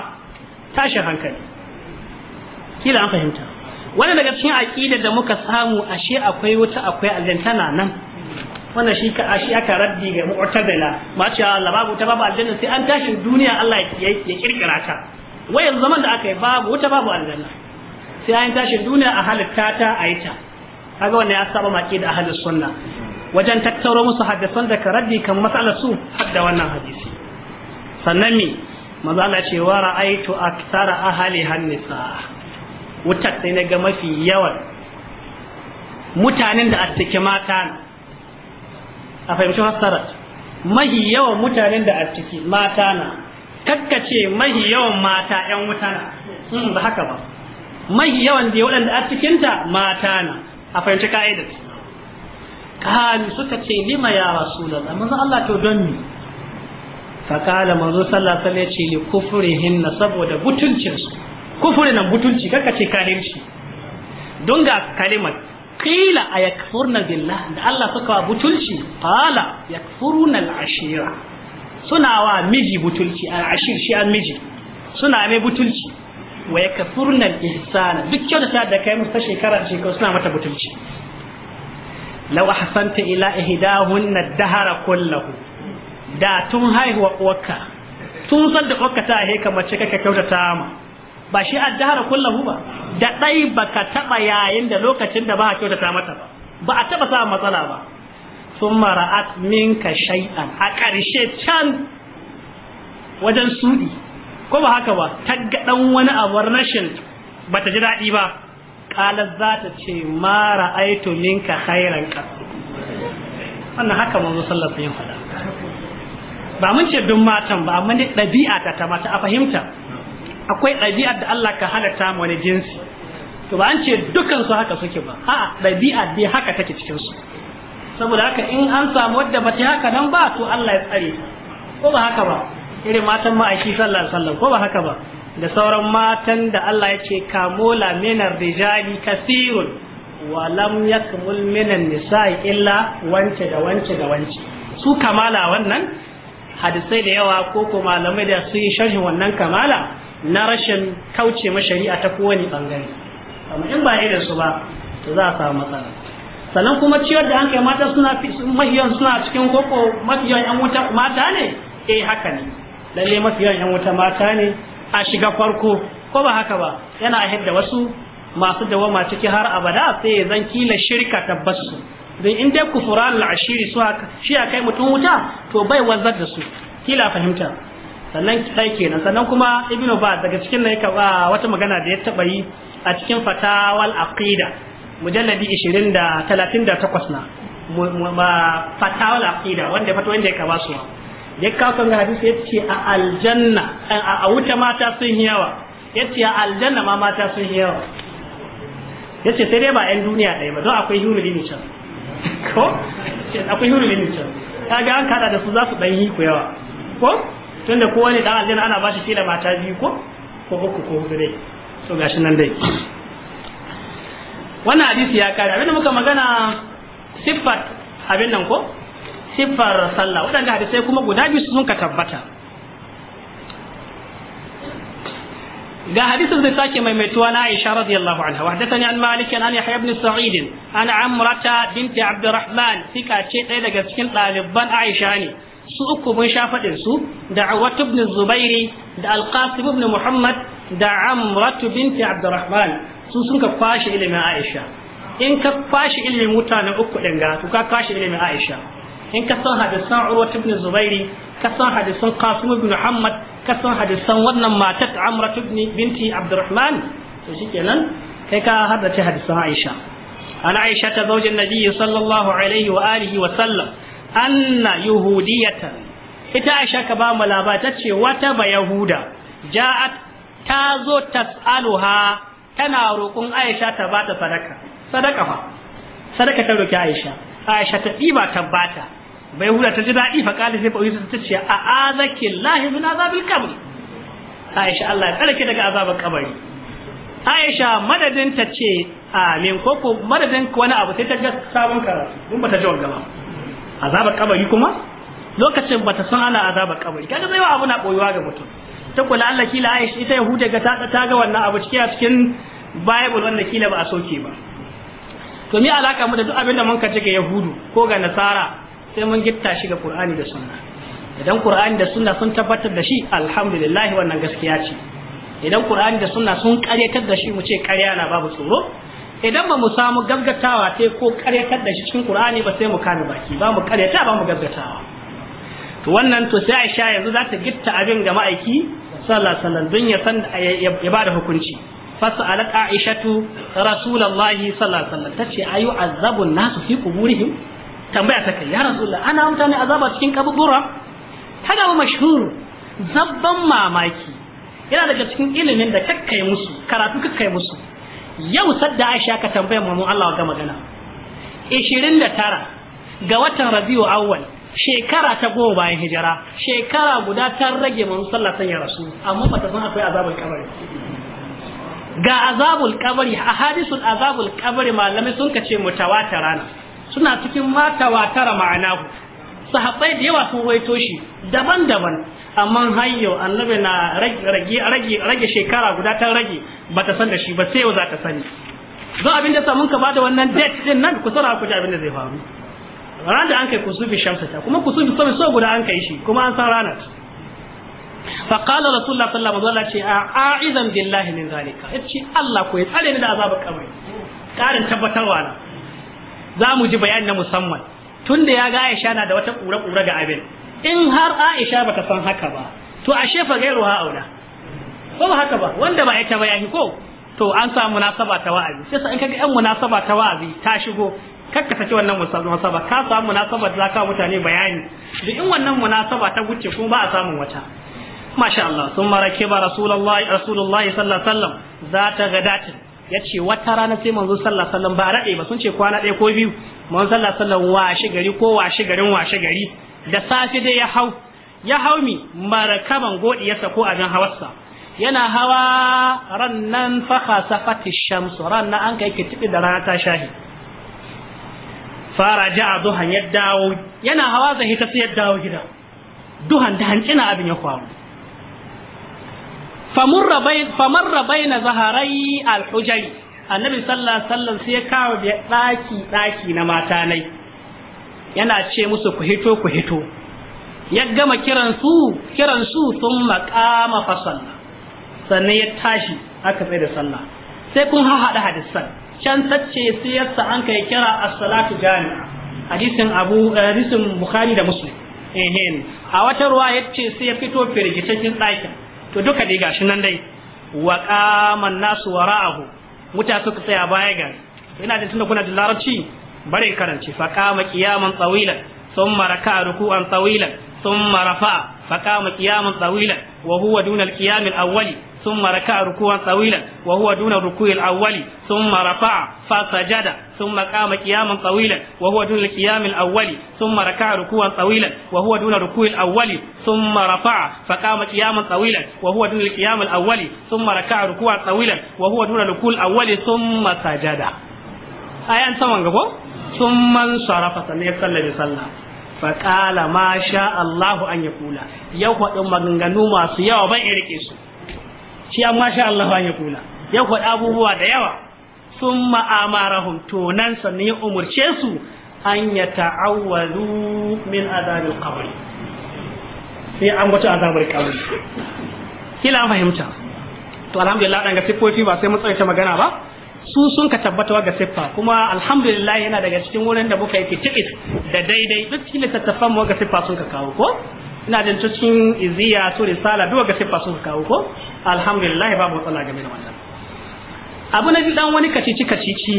tashin hankali kila an fahimta wani daga cikin aƙidar da muka samu ashe akwai wuta akwai aljanna nan wannan shi ka ashe aka raddi ga mu'tazila ma ce Allah babu ta babu aljanna sai an tashi duniya Allah ya kirkira ta wayan zaman da aka yi babu wuta babu aljanna sai an tashi duniya a halitta ta a yi ta kaga wannan ya saba maki da ahlus sunna wajen tattauro musu hadisan da ka raddi kan mas'alar su hadda wannan hadisi sannan me manzo Allah ce wa ra'aitu aktsara ahli hannisa wutar sai na ga mafi yawan mutanen da a ciki mata a fahimci fassarar mahi yawan mutanen da a ciki mata na kakkace mahi yawan mata yan wuta na hmm, ba haka ba mahi yawan da waɗanda a cikinta mata na a fahimci ka'idar kalu suka ce lima ya rasulallah manzo Allah to don ni fa kala manzo sallallahu alaihi wasallam ya ce li kufrihin saboda butuncin su kufuri nan butunci kaka ce kalimci don ga kalimar qila ayakfurna billah da Allah suka wa butulci qala yakfuruna al-ashira suna wa miji butulci A ashir shi an miji suna mai butulci wa ya yakfurna al-ihsana duk kyautata da kai musu shekara shekara suna mata butulci law ahsanta ila ihdahunna ad-dahara kullahu da tun haihuwa uwarka tun san da uwarka ta haihe mace kake kyautata ma ba shi addahara kullahu ba da ɗai baka taɓa yayin da lokacin da ba kyautata mata ba ba a taɓa samun matsala ba sun mara'at minka shay'an a ƙarshe can wajen suɗi ko ba haka ba ta gaɗan wani abu rashin ba ta ji daɗi ba ƙalar za ta ce ma ra'aitu minka khairan ka wannan haka manzo sallallahu alaihi wasallam ba mun ce duk matan ba amma ne ɗabi'a ta ta mata a fahimta akwai ɗabi'ar da Allah ka halatta mu wani jinsi to ba an ce dukan su haka suke ba a'a ɗabi'a dai haka take cikin su saboda haka in an samu wadda ba ta haka nan ba to Allah ya tsare ko ba haka ba irin matan ma'aiki sallallahu alaihi wasallam ko ba haka ba da sauran matan da Allah ya ce kamola minar rijali kasirun wa lam yakmul minan nisa'i illa wance da wance da wance su kamala wannan hadisai da yawa ko ko malamai da su yi sharhin wannan kamala na rashin kauce ma shari'a ta kowane bangare amma in ba irin su ba to za a samu matsala sannan kuma ciyar da an kai mata suna mahiyan suna cikin koko mafiyan yan wuta mata ne eh haka ne lalle mafiyan yan wuta mata ne a shiga farko ko ba haka ba yana a da wasu masu ma ciki har abada sai zan kila shirka tabbasu dan in dai kufuran al'ashiri su shi a kai mutum wuta to bai wanzar da su kila fahimta sannan sai kenan sannan kuma ibn ba daga cikin ne ka wata magana da ya taba yi a cikin fatawal aqida mujalladi 20 da 38 na fatawal aqida wanda fata wanda ya kaba su ya kawo kan hadisi yace a aljanna a wuta mata sun yawa yace a aljanna ma mata sun yawa yace sai dai ba ɗan duniya ɗaya ba don akwai human limit *laughs* ko akwai human limit kaga an kada da su za su dan yi ku yawa ko tunda ko wani dan aljanna ana bashi kila mata biyu ko ko uku ko hudu dai so gashi nan dai wannan hadisi ya kare abinda muka magana siffar abin nan ko siffar sallah waɗanda hadisai kuma guda biyu sun ka tabbata ga hadisin da sake maimaituwa na Aisha radiyallahu anha wa hadathani an Malik an Yahya ibn Sa'id an Amrata binti Abdurrahman fika ce ɗaya daga cikin ɗaliban Aisha ne su uku mun sha faɗin su da Awat ibn Zubairi da Al-Qasim ibn Muhammad da Amrat binti Abdurrahman su sun ka kwashe ilimin Aisha in ka kwashe ilimin mutanen uku din ga to ka kwashe ilimin Aisha in ka san hadisan Urwat ibn Zubairi ka san hadisan Qasim ibn Muhammad ka san hadisan wannan matar Amrat ibn binti Abdurrahman to shikenan kai ka haddace hadisan Aisha an Aisha ta zaujin Nabi sallallahu alaihi wa alihi wa sallam anna yahudiyatan ita aisha ka ba mu ta ce wata ba yahuda ja'at ta zo tas'aluha tana roƙon aisha ta bata sadaka sadaka fa sadaka ta roki aisha aisha ta diba ta bata bai huda ta ji daɗi fa kali sai bawai ta ce a azaki lahi min azabil qabr aisha Allah ya tsarki daga azabar kabari aisha madadin ta ce amin koko madadin wani abu sai ta ga sabon karatu mun bata ji wannan azabar kabari kuma lokacin bata san ana azabar kabari kaga zai abu na boyuwa ga mutum ta kula Allah kila Aisha ita Yahuda ga ta ta ga wannan abu cikin cikin Bible wanda kila ba a soke ba to me alaka mu da duk da mun kace ga Yahudu ko ga Nasara sai mun gitta shi ga Qur'ani da Sunna idan Qur'ani da Sunna sun tabbatar da shi alhamdulillah wannan gaskiya ce idan Qur'ani da Sunna sun karyatar da shi mu ce karya na babu tsoro idan ba mu samu gaggatawa sai ko karyatar da shi cikin Qur'ani ba sai mu kame baki ba mu karyata ba mu gaggatawa to wannan to sai Aisha yanzu za ta gitta abin ga ma'aiki sallallahu alaihi wasallam don ya san ya bada hukunci fasalat Aishatu Rasulullahi sallallahu alaihi wasallam tace ayu azabun nasu fi quburihim tambaya ta kai ya Rasulullah ana mutane azaba cikin kaburbura hada mashhur zabban mamaki yana daga cikin ilimin da kakkai musu karatu kakkai musu yau sadda Aisha ka tambayar mu Allah ga magana 29 ga watan Rabiu awwal shekara ta goma bayan hijira shekara guda ta rage mun sallah san ya rasu amma bata san akwai azabul kabari ga azabul kabari a hadisul azabul kabari malamai sun kace mutawatara na suna cikin matawatara tawatara ma'ana sahabbai da yawa sun waito shi daban-daban amma har yau annabi na rage shekara guda ta rage ba ta san da shi ba sai yau za ta sani Zo abin da samun ka bada wannan date din nan ku saura ku ji abin da zai faru Ran da an kai kusufi shamsa ta kuma kusufi sami so guda an kai shi kuma an san ranar fa qala rasulullah sallallahu alaihi wasallam ce a a'izan billahi min zalika ce Allah ko ya tsare ni da azabar kabari karin tabbatarwa na za mu ji bayani na musamman tunda ya ga Aisha na da wata kura kura ga abin in har Aisha bata san haka ba to ashe fa ha aula ko ba haka ba wanda ba ita ba yahi ko to an samu munasaba ta wa'azi sai sai kaga yan munasaba ta wa'azi ta shigo kakka saki wannan munasaba ka samu munasaba da zaka mutane bayani da in wannan munasaba ta wuce kuma ba a samun wata masha Allah sun marake ba rasulullahi rasulullahi sallallahu alaihi wasallam za ta ga ya ce wata rana sai manzo sallallahu alaihi wasallam ba raɗe ba sun ce kwana ɗaya ko biyu manzo sallallahu alaihi wasallam washe gari ko washe garin washe gari da safe dai ya hau ya hau mi marakaman godiyarsa ko abin hawarsa yana hawa rannan fa khasafati shamsu ranna an kai kitibi da rana ta shahi fara ja duhan ya dawo yana hawa zai ta sai ya dawo gida duhan da hancina abin ya bai famarra baina zaharai alhujai annabi sallallahu alaihi wasallam sai ya kawo daki daki na mata nai yana ce musu ku hito ku hito ya gama kiran su sun makama fa sallah sannan ya tashi aka tsaye da sallah sai kun haɗa hadisan can tacce sai sa an kai kira as-salatu jami'a hadisin abu eh, hadisin bukhari da muslim a wata ruwa yace sai ya fito firgitaccen ɗakin to duka dai gashi nan dai wa qama nasu wara'ahu mutasu ka tsaya baya ga ina da tunda kuna da larabci Barin karanci, fa qama qiyaman tawilan thumma raka'a ruku'an tawilan thumma rafa'a fa qama qiyaman tawilan wa huwa duna al fa sajada thumma qama qiyaman tawilan wa huwa duna al-qiyam al-awwali thumma raka'a ruku'an tawilan wa huwa duna ruku'i al-awwali thumma rafa'a fa qama qiyaman tawilan wa huwa duna al-qiyam al-awwali thumma raka'a ruku'an tawilan wa huwa duna ruku'i al-awwali ayan saman gabo sun man sarafa sannan ya sallame sallah faƙala ma sha Allah an ya kula yau faɗi maganganu masu yawa ban irke su shi an ma sha Allahu an ya kula yau faɗi abubuwa da yawa sun ma'amarahum tonan sannan ya umarce su an ya ta'awwalu min azabil qabri sai an gwata azabar kabari kila fahimta to alhamdulillah dan ga sifofi ba sai mun tsaye magana ba su sun ka tabbata ga siffa kuma alhamdulillah yana daga cikin wurin da muka yi fitikit da daidai duk cikin littattafan mu ga siffa sun ka kawo ko ina jin cikin iziya su risala duk ga siffa sun ka kawo ko alhamdulillah babu matsala game da wannan abu na dan wani kacici kacici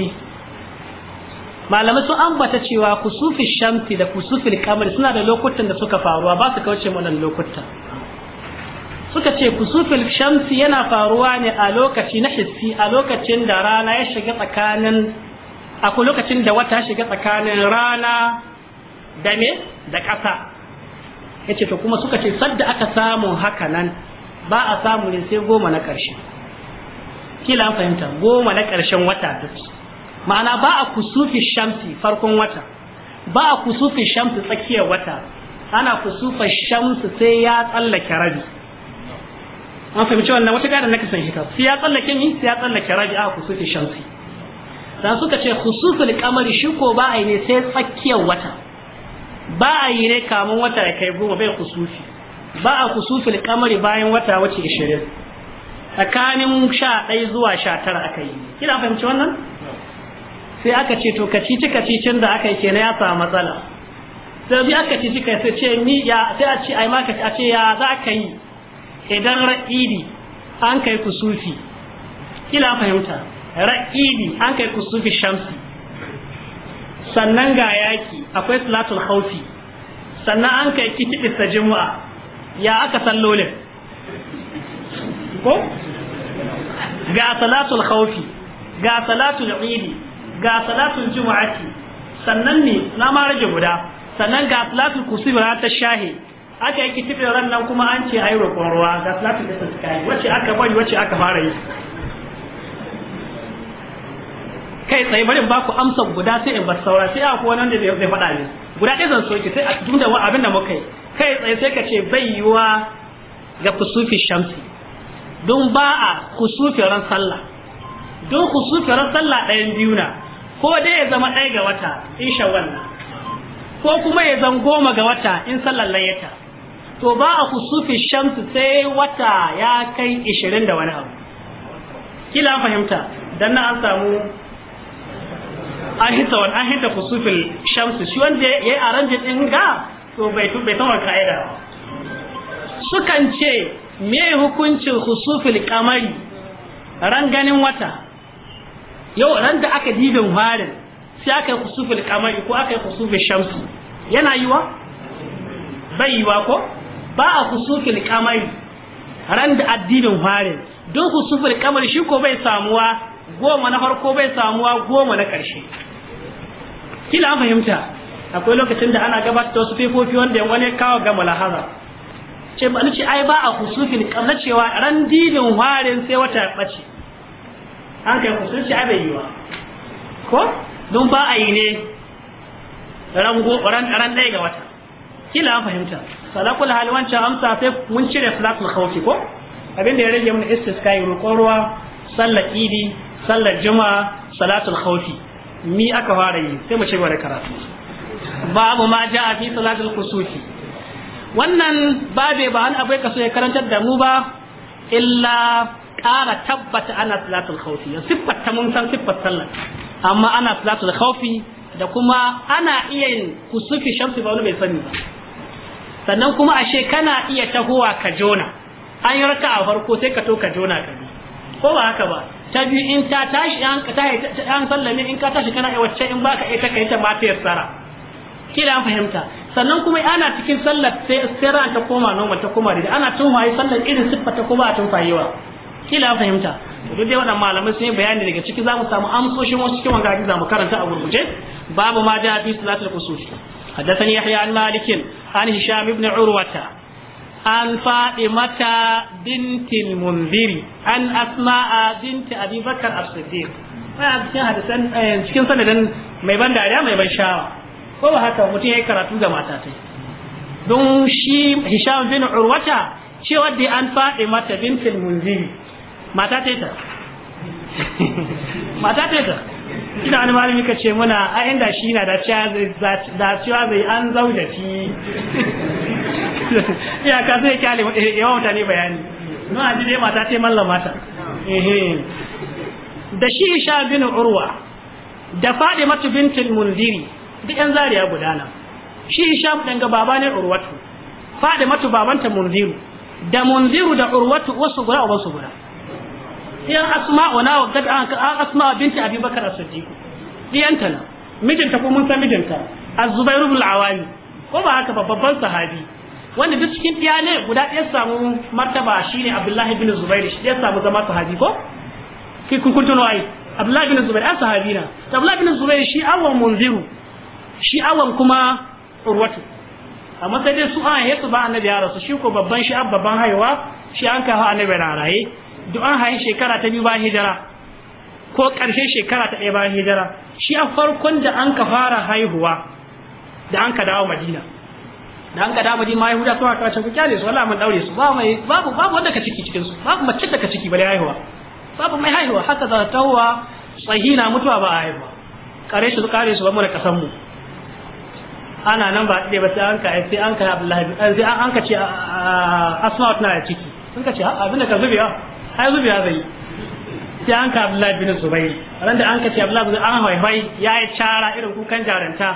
malamai sun ambata cewa kusufi shamsi da kusufi kamar suna da lokutan da suka faruwa ba su kauce wannan lokutan suka ce kusufil shamsi yana faruwa ne a lokaci na hissi a lokacin da rana ya shiga tsakanin a lokacin da wata shiga tsakanin rana da me da ƙasa Ya ce to kuma suka ce sadda aka samu haka nan ba a samu ne sai goma na ƙarshe kila an fahimta goma na ƙarshen wata duk. ma'ana ba a kusufi shamsi farkon wata ba a kusufi shamsi tsakiyar wata ana kusufa shamsi sai ya tsallake rabi an fahimci wannan wata gadon na kasan ka sai ya tsallake ni sai ya tsallake ku kusufi shamsi da suka ce khususul qamari shi ko ba a yi ne sai tsakiyar wata ba a yi ne kamun wata ya kai goma bai kusufi ba a khususul qamari bayan wata wace 20 tsakanin 11 zuwa 19 aka yi kina fahimci wannan sai aka ce to kacici kacicin da aka yi kenan ya samu matsala sai aka cici kai sai ce ni ya sai a ce ai ma ka ce ya za ka yi idan ra'idi an kai kusufi kila fahimta ra'idi an kai ku sufi shamsi sannan ga yaki akwai salatul haufi sannan an kai kitibis ta jimu'a ya aka sallolin ko ga salatul haufi ga salatul idi ga salatul jumu'ati sannan ne na ma rage guda sannan ga salatul kusufi ta shahi aka yi kitifin ran nan kuma an ce ayi roƙon ruwa ga flat in the sky wacce aka bari wacce aka fara yi kai tsaye bari ba baku amsa guda sai in bar saura sai akwai wani wanda zai faɗa ne guda ɗaya zan soki sai a tunda wa abin da muka yi kai tsaye sai ka ce bai yiwa ga kusufi shamsi don ba a kusufi ran sallah don kusufi ran sallah ɗayan biyu na ko dai ya zama ɗaya ga wata in shawwal ko kuma ya zan goma ga wata in sallar layyata to ba a kusufi shamsu sai wata ya kai ishirin da wani abu kila an fahimta don na an samu an hita wani an hita kusufin shamsu shi wanda ya yi aranjin ɗin ga to bai bai tawa ka'ida sukan ce me hukuncin kusufin kamari ran ganin wata yau ran da aka dibin harin sai aka yi kusufin kamari ko aka yi kusufin shamsu yana yiwa bai yiwa ko ba a kusufil kamari ran da addinin fare don kusufil kamari shi ko bai samuwa goma na farko bai samuwa goma na ƙarshe kila an fahimta akwai lokacin da ana gabatar da wasu fefofi wanda wani kawo ga mulahaza ce ba ce ai ba a kusufil kamna cewa ran dinin fare sai wata bace an kai kusurci ai bai yiwa ko don ba a yi ne ran ɗaya ga wata kila an fahimta salakul hali wancan amsa sai mun cire salatul khawfi ko abinda ya rage mana istiskai roƙon ruwa sallar idi sallar juma'a salatul khawfi mi aka fara yi sai mu ci gaba da karatu babu ma ja ja'a fi salatul kusufi wannan babe ba an abai kaso ya karantar da mu ba illa ƙara tabbata ana salatul khawfi ya siffata mun san siffar sallar amma ana salatul khawfi da kuma ana iya yin kusufi shamsi ba wani bai sani ba sannan kuma ashe kana iya tahowa ka jona an yi raka a farko sai ka to ka jona ka bi ko ba haka ba ta biyu in ta tashi an ka tashi an sallame in ka tashi kana wacce in baka ita kai ta ta yassara kila an fahimta sannan kuma ana cikin sallar sai sirra ta koma nan ta koma da ana tun tunwaye sallar irin siffa ta koma a fayewa kila an fahimta duk dai waɗannan malamai sun yi bayani daga ciki za mu samu amsoshin wasu cikin wanga za mu karanta a gurguje babu ma da fi salatul kusufi حدثني يحيى عن مالك عن هشام بن عروة عن فاطمة بنت المنذر عن أسماء بنت أبي بكر الصديق ما cikin hadisan cikin sanadin mai ban dariya mai ban shawa ko ba haka mutum ya karatu ga mata ta shi hisham bin urwata cewa da an faɗi mata bintul munziri mata ina wani malami ka ce muna a inda shi na da cewa zai an zaujaci ka zai kyale eh, yawan mutane bayani no a dai mata ta mallama ta da shi isha bin urwa da faɗi matu bintin mundiri duk yan zariya gudana shi isha ɗan ga baba ne urwatu matu babanta mundiru da mundiru da urwatu wasu guda wasu guda ɗiyan asma'u na wa gada an asma'u binti abi bakar as-siddiq ɗiyanta na mijinta ko mun san mijinta az zubairu bin al ko ba haka babban sahabi wanda duk cikin ɗiya ne guda ɗaya samu martaba shine abdullahi bin Zubairu shi ɗaya samu zama sahabi ko ki kun kuntuno ai abdullahi bin Zubairu an sahabi na abdullahi bin Zubairu shi awon munziru shi awon kuma urwatu amma sai dai su an haihu ba annabi ya rasu shi ko babban shi babban haihuwa shi an kawo annabi raraye duk an shekara ta biyu bayan hijira ko ƙarshen shekara ta ɗaya bayan hijira shi a farkon da an ka fara haihuwa da an ka dawo madina da an ka dawo madina ma yahuda suna kawo ku kyale su wala mun daure su babu mai babu babu wanda ka ciki cikin su babu mace da ka ciki bale haihuwa babu mai haihuwa haka za ta huwa tsahina mutuwa ba a haihuwa kare su kare su ba mu da kasan mu ana nan ba dai ba sai an ka sai an ka Abdullahi sai an ka ce Asma'u tana ciki sun ka ce abin da ka zubewa ai zubi ya zai sai an ka Abdullahi bin Zubair ran da an ka ce Abdullahi bin an haifai ya yi cara irin kukan jaranta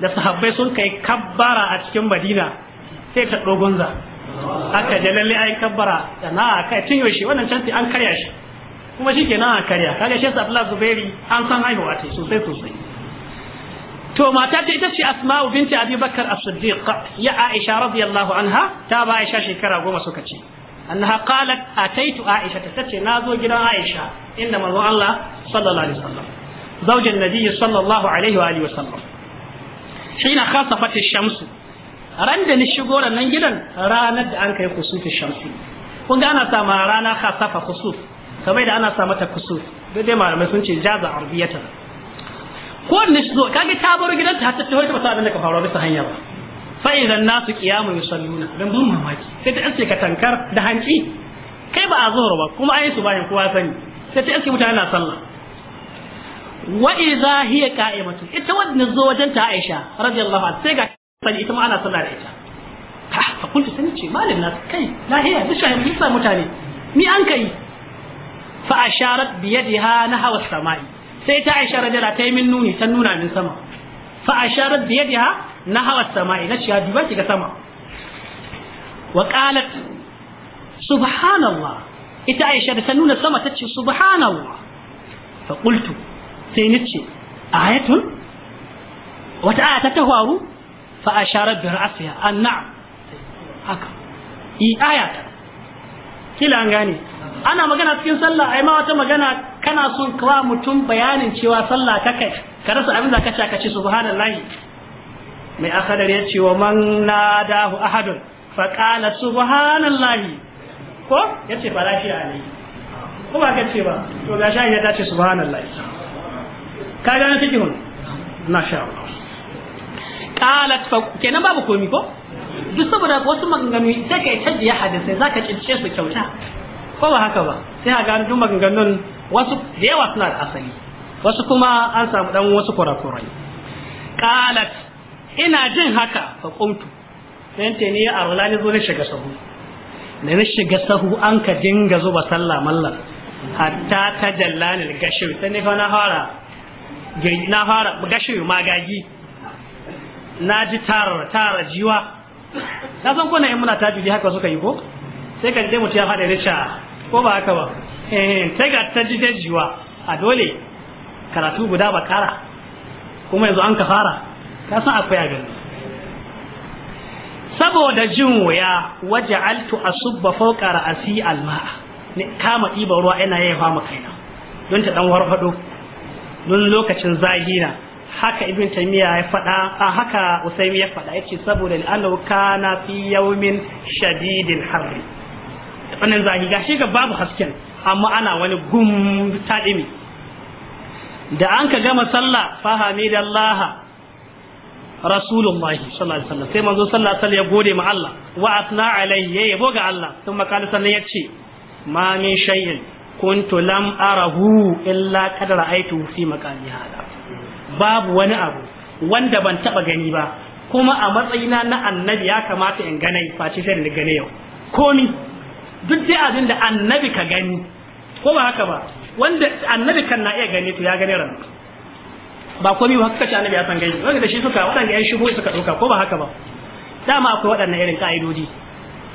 da sahabbai sun kai kabbara a cikin Madina sai ta dogonza aka je lalle ai kabbara da na kai cin yoshi wannan canti an karya shi kuma shi kenan an karya kaga shi Abdullahi Zubairi an san haihuwa ta sosai sosai to mata ta ita ce Asma'u binti abubakar As-Siddiq ya Aisha radiyallahu anha ta ba Aisha shekara goma suka ce annaha a taitu aisha ta tace nazo gidan aisha inda manzon Allah sallallahu alaihi wasallam zaujin nabiyyi sallallahu alaihi wa alihi wasallam shine khasafat ash-shamsu ran da ni shigo da nan gidan ranar da an kai kusufi shamsi kun ga ana sama rana khasafa kusuf kamar da ana sa mata kusuf dai malamai sun ce jaza arbiyatan ko ne shi zo kage ta bar gidan ta ta sa da hanya ba fa nasu nasu qiyamu yusalluna don ban mamaki sai ta aske ka tankar da hanci kai ba a zuhur ba kuma yi su bayan kowa sani sai ta aske mutane na sallah Wa'iza hiya ka'imatu ita wannan zo wajen ta Aisha radiyar anha sai ga sani ita ma ana sallah da ita fa kuntu sani ce malam na kai lahiya duk shahin sa mutane mi an kai fa asharat bi yadiha nahwa samai sai ta Aisha radiyallahu ta yi min nuni ta nuna min sama fa asharat bi yadiha na hawa sama'i na ciya duba ki sama wa qalat subhanallah ita Aisha da ta sama ta ce subhanallah fa qultu sai ni ce ayatun wata aya ta tawaru fa asharat bi ra'siha annam haka i ayata kila an gane ana magana cikin sallah ai ma wata magana kana son kawa mutum bayanin cewa sallah ta kai ka rasa abin da ka ce ka ce subhanallahi mai akadar ya ce wa man na nadahu ahadun fa qala subhanallahi ko ya ce ba lafiya ne ko ba ce ba to ga shi ya tace subhanallahi ka ga na cikin na sha ƙalat qalat fa kenan babu komi ko duk saboda wasu maganganu sai ta yi ya za ka cince su kyauta ko ba haka ba sai ga duk maganganun wasu da yawa suna da asali wasu kuma an samu dan wasu kurakurai ƙalat ina jin haka fa qumtu dan te ne arwala ne zo ne shiga sahu ne ne shiga sahu an ka dinga zuba sallah mallan hatta ta jallani gashi sai ne fa na fara na fara gashir magagi na ji tarar tara jiwa na san kuna in muna tajudi haka suka yi ko sai ka dai mutum ya faɗi rica ko ba haka ba eh sai ga ta ji jiwa a dole karatu guda ba kara kuma yanzu an ka fara ka san akwai abin saboda jin wuya waje altu a subba fauka ra'asi alma'a kama ɗiba ruwa yana yi fama kaina don ta ɗan warfaɗo don lokacin zahira haka ibn taymiya ya faɗa a haka usaimi ya faɗa yace saboda li'annahu kana fi yawmin shadidin harri wannan zahi gashi ga babu hasken amma ana wani gum da an ka gama sallah fahamidallaha rasulullahi sallallahu alaihi wasallam sai manzo sallallahu alaihi wasallam ya gode ma Allah wa asna alayhi ya boga Allah sun makala sannan ya ce ma min shay'in kuntu lam arahu illa qad ra'aytu fi maqami hada babu wani abu wanda ban taba gani ba kuma a matsayina na annabi ya kamata in ganai face sai da gane yau komi duk dai abin da annabi ka gani ko ba haka ba wanda annabi kan na iya gani to ya gane ranka ba komai ba kace annabi ya san gaibi wanda da shi suka waɗanda yan shigo suka dauka ko ba haka ba dama akwai wadannan irin ka'idodi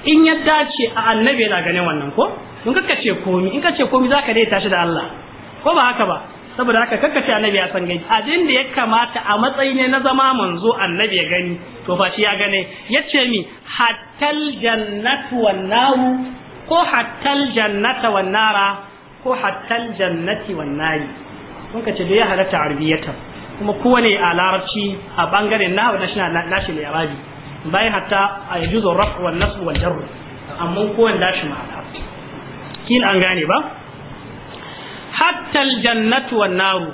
in ya dace a annabi yana ganin wannan ko in kaka ce komi in kace komi ka dai tashi da Allah ko ba haka ba saboda haka kaka ce annabi ya san gaibi abin da ya kamata a matsayi ne na zama manzo annabi ya gani to fa shi ya gane yace mi hatal jannatu wan naru ko hatal jannata wan nara ko hatal jannati wan nari kun kace da ya halatta arbiyatan kuma kowane a larabci a bangaren na shina nashi ne arabi bai hatta a yajuzu raf wal nasb wal jarr amma kowane dashi ma'ana kin an gane ba hatta al jannatu wan naru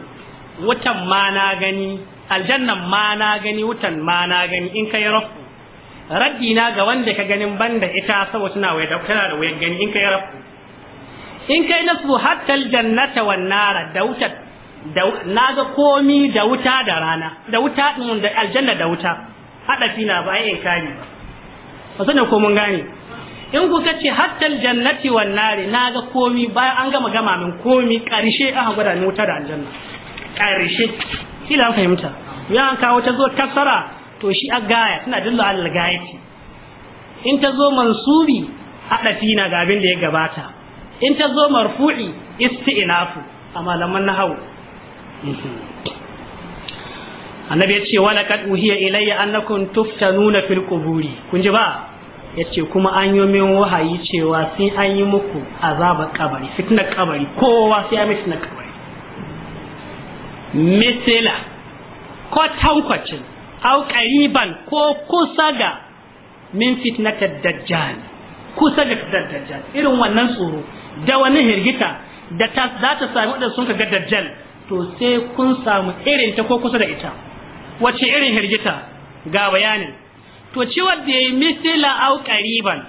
wutan ma na gani aljannan ma na gani wutan ma na gani in kai rafu raddi na ga wanda ka ganin banda ita saboda tana waya tana da wuyan gani in kai rafu in kai nasu hatta aljannata wan nara da wutan na ga komi da wuta da rana da wuta ɗin da aljanna da wuta haɗafi na ba in kani ba sanin ko mun gane in kuka ce hatta jannati wan nari na ga komi bayan an gama gama min komi ƙarshe ha gwada wuta da aljanna ƙarshe kila an fahimta ya an kawo ta zo kasara to shi a gaya tana dillo al gayati in ta zo mansubi haɗafi na ga abin da ya gabata in ta zo marfu'i isti'nafu a malaman nahawu annabi ya ce wala kad uhiya ilayya annakum tuftanuna fil quburi kun ji ba ya ce kuma an yi min wahayi cewa sai an yi muku azaba kabari fitna kabari kowa sai an fitna kabari misila ko tankwacin au qariban ko kusa ga min fitnatar dajjal kusa ga dajjal irin wannan tsoro da wani hirgita da za ta sami wadanda sun ga dajjal to sai kun samu irin ta ko kusa da ita wacce irin hirgita ga bayanin to ci da ya yi misila au ƙariban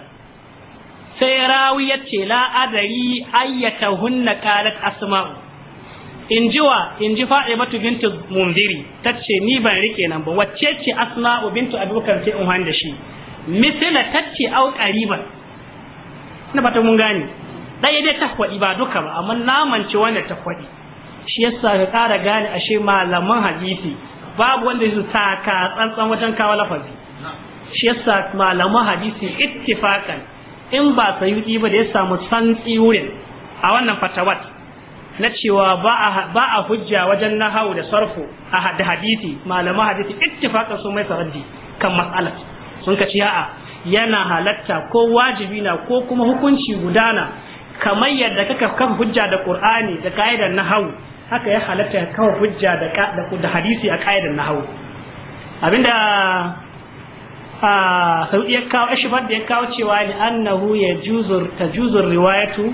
sai rawi ya ce la'adari ayyata hunna kalat asma'u in ji wa in ji batu bintu mundiri ta ce ni ban rike nan ba wacce ce asma'u bintu abubakar ce in wanda shi misila ta ce au ƙariban na ta mun gane ɗaya dai ta ba duka ba amma namance wanda ta kwaɗi shi yasa ka kara gane ashe malaman hadisi babu wanda su taka tsantsan wajen kawo lafazi shi yasa malaman hadisi ittifakan in ba sayuɗi ba da ya samu santsi wurin a wannan fatawat na cewa ba a hujja wajen nahawu da sarfu a da hadisi malaman hadisi ittifakan sun mai saradi kan matsalar sun ka ci a'a yana halatta ko wajibi na ko kuma hukunci gudana kamar yadda kaka kafa hujja da qur'ani da ka'idar nahawu haka ya halatta kawo hujja da da hadisi a kaidan nahawu abinda a saudi ya kawo ashbar da ya kawo cewa li annahu ta juzur riwayatu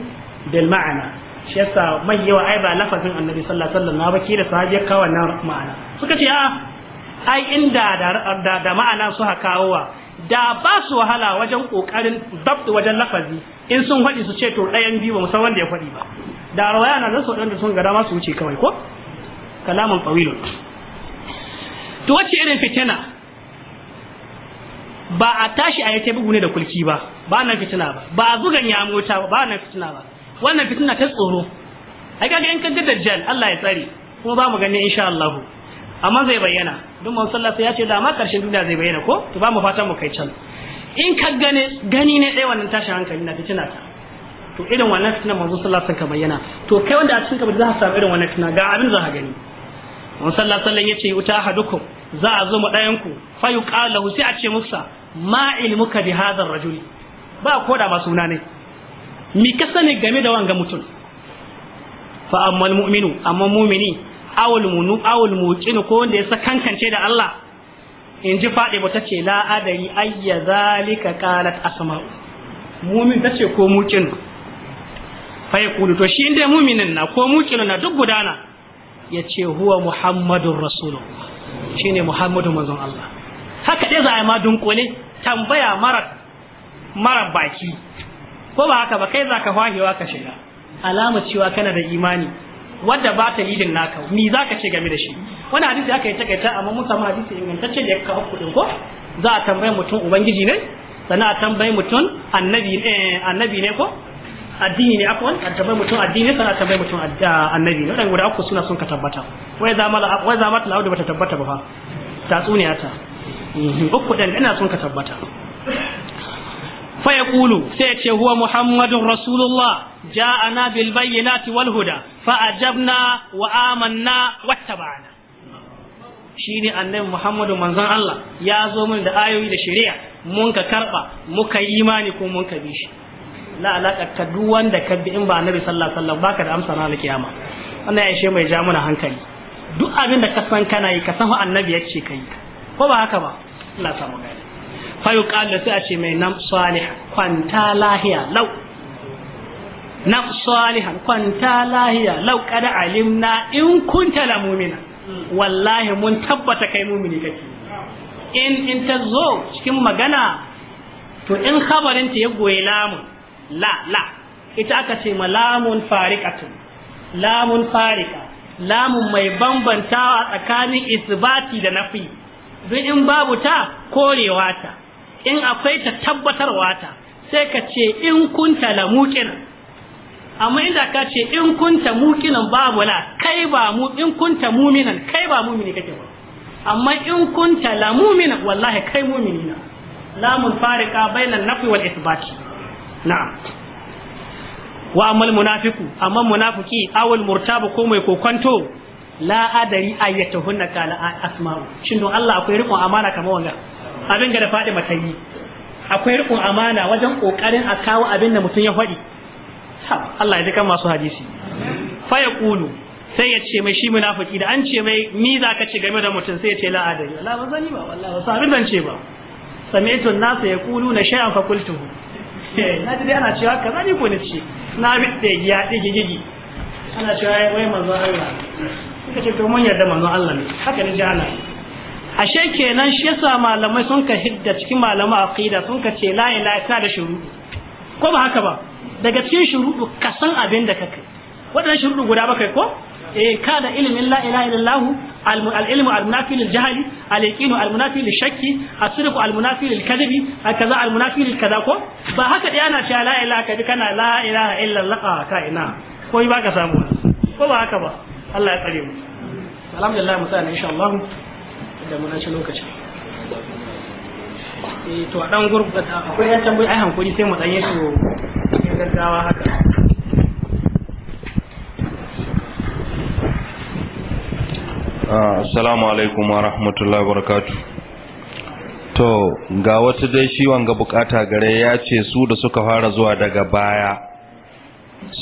bil ma'ana shi yasa mai yawa ai ba lafazin annabi sallallahu alaihi wasallam ba kila sahabi ya kawo wannan ma'ana suka ce a ai inda da da ma'ana su kawo kawowa da ba su wahala wajen kokarin dabt wajen lafazi in sun faɗi su ce to ɗayan biyu ba musamman da ya faɗi ba da rawaya na zasu wadanda sun gada masu wuce kawai ko kalamun tawilun to wacce irin fitina ba a tashi a yace bugu ne da kulki ba ba nan fitina ba ba a zugan ya mota ba nan fitina ba wannan fitina ta tsoro ai kaga kaddar da dajjal Allah ya tsare kuma ba mu gani insha Allah amma zai bayyana duk mun sallah ya ce da ma karshen duniya zai bayyana ko to ba mu fatan mu kai can in ka gane gani ne dai wannan tashin hankali na fitina ta to irin wannan fitna manzo sallallahu alaihi wasallam bayyana to kai wanda a cikin kabari za ka samu irin wannan fitna ga abin za ka gani manzo sallallahu alaihi wasallam yace uta hadukum za a zo mu dayan ku fa yuqalu sai a ce musa ma ilmuka bi hadha ar-rajuli ba koda ma suna ne mi ka sani game da wanga mutum fa amma al-mu'minu amma mu'mini awul munu awul muqinu ko wanda ya sakankance da Allah in ji faɗi ba ta ce la adari ayya zalika qalat asma'u mumin tace ko muqinu fa yaqulu to shi inda mu'minin na ko muqilun na duk gudana ya ce huwa muhammadur rasulullah ne muhammadu mazan Allah haka dai za a yi ma dunkule tambaya mara baki ko ba haka ba kai za ka fahewa ka shiga alama cewa kana da imani wadda ba ta lidin naka ni ka ce game da shi wani hadisi aka yi takaita amma mun samu hadisi ingantacce da ya kawo kuɗin ko za a tambaye mutum ubangiji ne sannan a tambaye mutum eh, annabi ne ko addini ne akwai an tambayi mutum addini sana tambayi mutum annabi ne wadannan guda uku suna sun ka tabbata wai zama wai zama ta lauda bata tabbata ba fa tatsuniya ta mhm, uku dan ina sun ka tabbata fa yaqulu sai ya ce huwa muhammadur rasulullah ja'ana bil bayyinati wal huda fa ajabna wa amanna wattaba'na shine annabi muhammadu manzon Allah ya zo min da ayoyi da shari'a mun ka karba muka yi imani ko mun ka bishi. na alaka ka duk wanda ka bi in ba annabi sallallahu alaihi wasallam baka da amsa na alkiyama wannan ya ishe mai ja mana hankali duk abin da ka san kana yi ka san annabi ya ce kai ko ba haka ba Allah ya samu gani fa yuqal sai a ce mai nam salih kwanta lahiya lau nam salih kwanta lahiya lau kada alimna in kunta la mu'mina wallahi mun tabbata kai mu'mini kake in in ta zo cikin magana to in khabarin ta ya goyi lamun la la ita aka ce ma lamun fariqatun lamun fariqa lamun mai bambantawa tsakanin isbati da nafi duk in babu ta korewa ta in akwai ta tabbatarwa ta sai ka ce in kunta la muqinan amma inda ka ce in kunta muqinan babu la kai ba mu in kunta muminan kai ba mumini kake ba amma in kunta la muminan wallahi kai mumini na lamun fariqa bainan nafi wal isbati na'am wa amal munafiku amma munafiki awal murtabu ko mai kokonto la adari ayyatuhunna kala asma'u shin don Allah akwai riƙon amana kamar wanga abin ga da faɗi matayi akwai riƙon amana wajen ƙoƙarin a kawo abin da mutum ya faɗi Allah ya ji kan masu hadisi fa ya kulu sai ya ce mai shi munafiki da an ce mai ni za ka ce game da mutum sai ya ce la'adari Allah ba zani ba wallahi ba abin zan ce ba sami'tu an-nas yaquluna shay'an fa qultuhu Eh, na ji dai ana cewa kaza ni ko ne ce na bi da ya dige gigi ana cewa wai manzon Allah suka ce to mun yarda manzon Allah ne haka ne ji ana ashe kenan shi yasa malamai sun ka hidda cikin malaman aqida sun ka ce la ilaha illa da shuru ko ba haka ba daga cikin shuruɗu ka san abin da kake waɗannan shuruɗu guda bakai ko eh kana ilimin la ilaha illallah العلم المنافي للجهل اليقين المنافي للشك الصدق المنافي للكذب هكذا المنافي للكذا كو ba haka dai ana cewa la ilaha kaji kana la illa Allah ka ina ko ba ka samu ko ba haka ba Allah ya tsare mu da mun ci lokaci eh to a dan gurbu akwai yan tambayi ai hankuri sai mu dan yi su gaggawa haka assalamu alaikum wa rahmatullahi wa barakatu to ga wata dai shi wanga bukata gare ya ce su da suka fara zuwa daga baya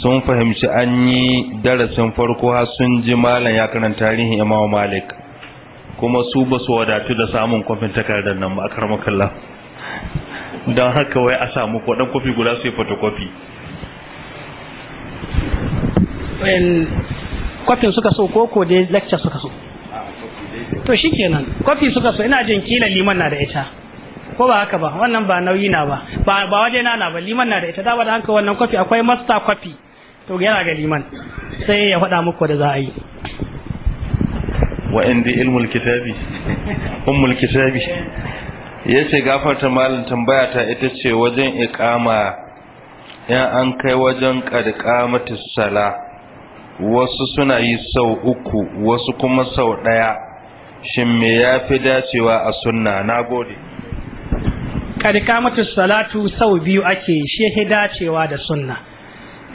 sun fahimci an yi darasin farko har sun ji malam ya karanta tarihin Imam malik kuma su ba su wadatu da samun kwafin takardar nan ba a karmakallah don haka wai a samu kwaɗan kwafi guda su yi fotokofi kwafin suka so koko dai lecture suka so to shikenan kofi suka so ina jin kila liman na da ita ko ba haka ba wannan ba nauyi na ba ba waje na na ba liman na da ita da ba da hanka wannan kofi akwai master kofi to yana ga liman sai ya faɗa muku da za a yi indi ilmul kitabi ummul kitabi yace gafarta malin tambaya ta ita ce wajen iqama yan an kai wajen qadqamatis sala wasu suna yi sau uku wasu kuma sau daya shin me ya fi dacewa a sunna na gode karkamatu salatu sau biyu ake shehe dacewa da sunna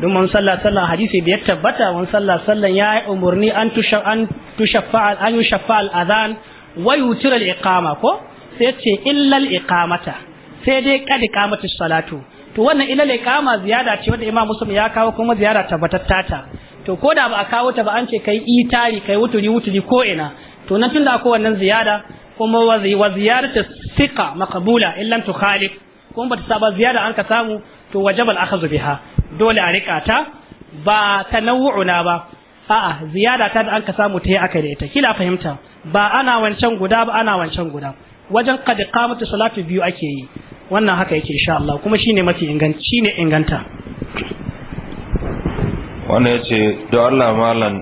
don man sallah sallan hadisi da ya tabbata man sallah sallan ya yi umarni an tusha an tushafa an adhan wa al ko sai ce illa al iqamata sai dai ka iqamatu salatu to wannan illa al iqama ziyada ce wanda imam muslim ya kawo kuma ziyara tabbatar tata to ko da ba a kawo ta ba an ce kai itari kai wuturi wuturi ko ina to nan tunda akwai wannan ziyada kuma wa ziyarata siqa maqbula illam tukhalif kuma bata saba ziyada an ka samu to wajabal aka zubi ha dole a rika ta ba nau'una ba a'a ziyada ta da an ka samu ta yi aka da ita kila fahimta ba ana wancan guda ba ana wancan guda wajen qad qamatu salatu biyu ake yi wannan haka yake insha Allah kuma shine mafi inganci shine inganta wannan yace do Allah malam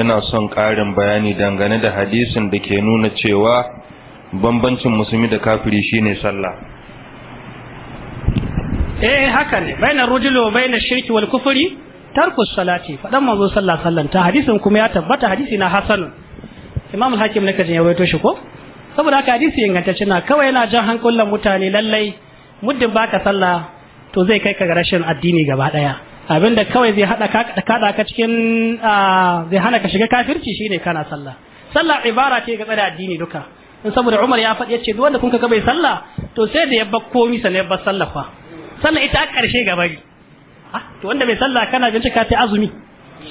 ina son ƙarin bayani dangane da hadisin da ke nuna cewa bambancin musulmi da kafiri shine sallah eh haka ne bainar rujulu wa bainar shirki wal kufuri tarku salati fadan manzo sallah sallan ta hadisin kuma ya tabbata hadisi na hasan imam al-hakim ne kaje ya waito shi ko saboda haka hadisi ingantacce na kawai yana jan hankulan mutane lallai muddin baka sallah to zai kai ka ga rashin addini gaba daya abinda kawai zai hada ka kada ka cikin ah, zai hana ka shiga kafirci shine kana sallah sallah ibara ce ga tsare addini duka in saboda Umar ya faɗi yace duk wanda kun ka bai sallah to sai da yabba komi sannan yabba sallah fa sallah ita a karshe gabari ah, to wanda bai sallah kana jin ka ta azumi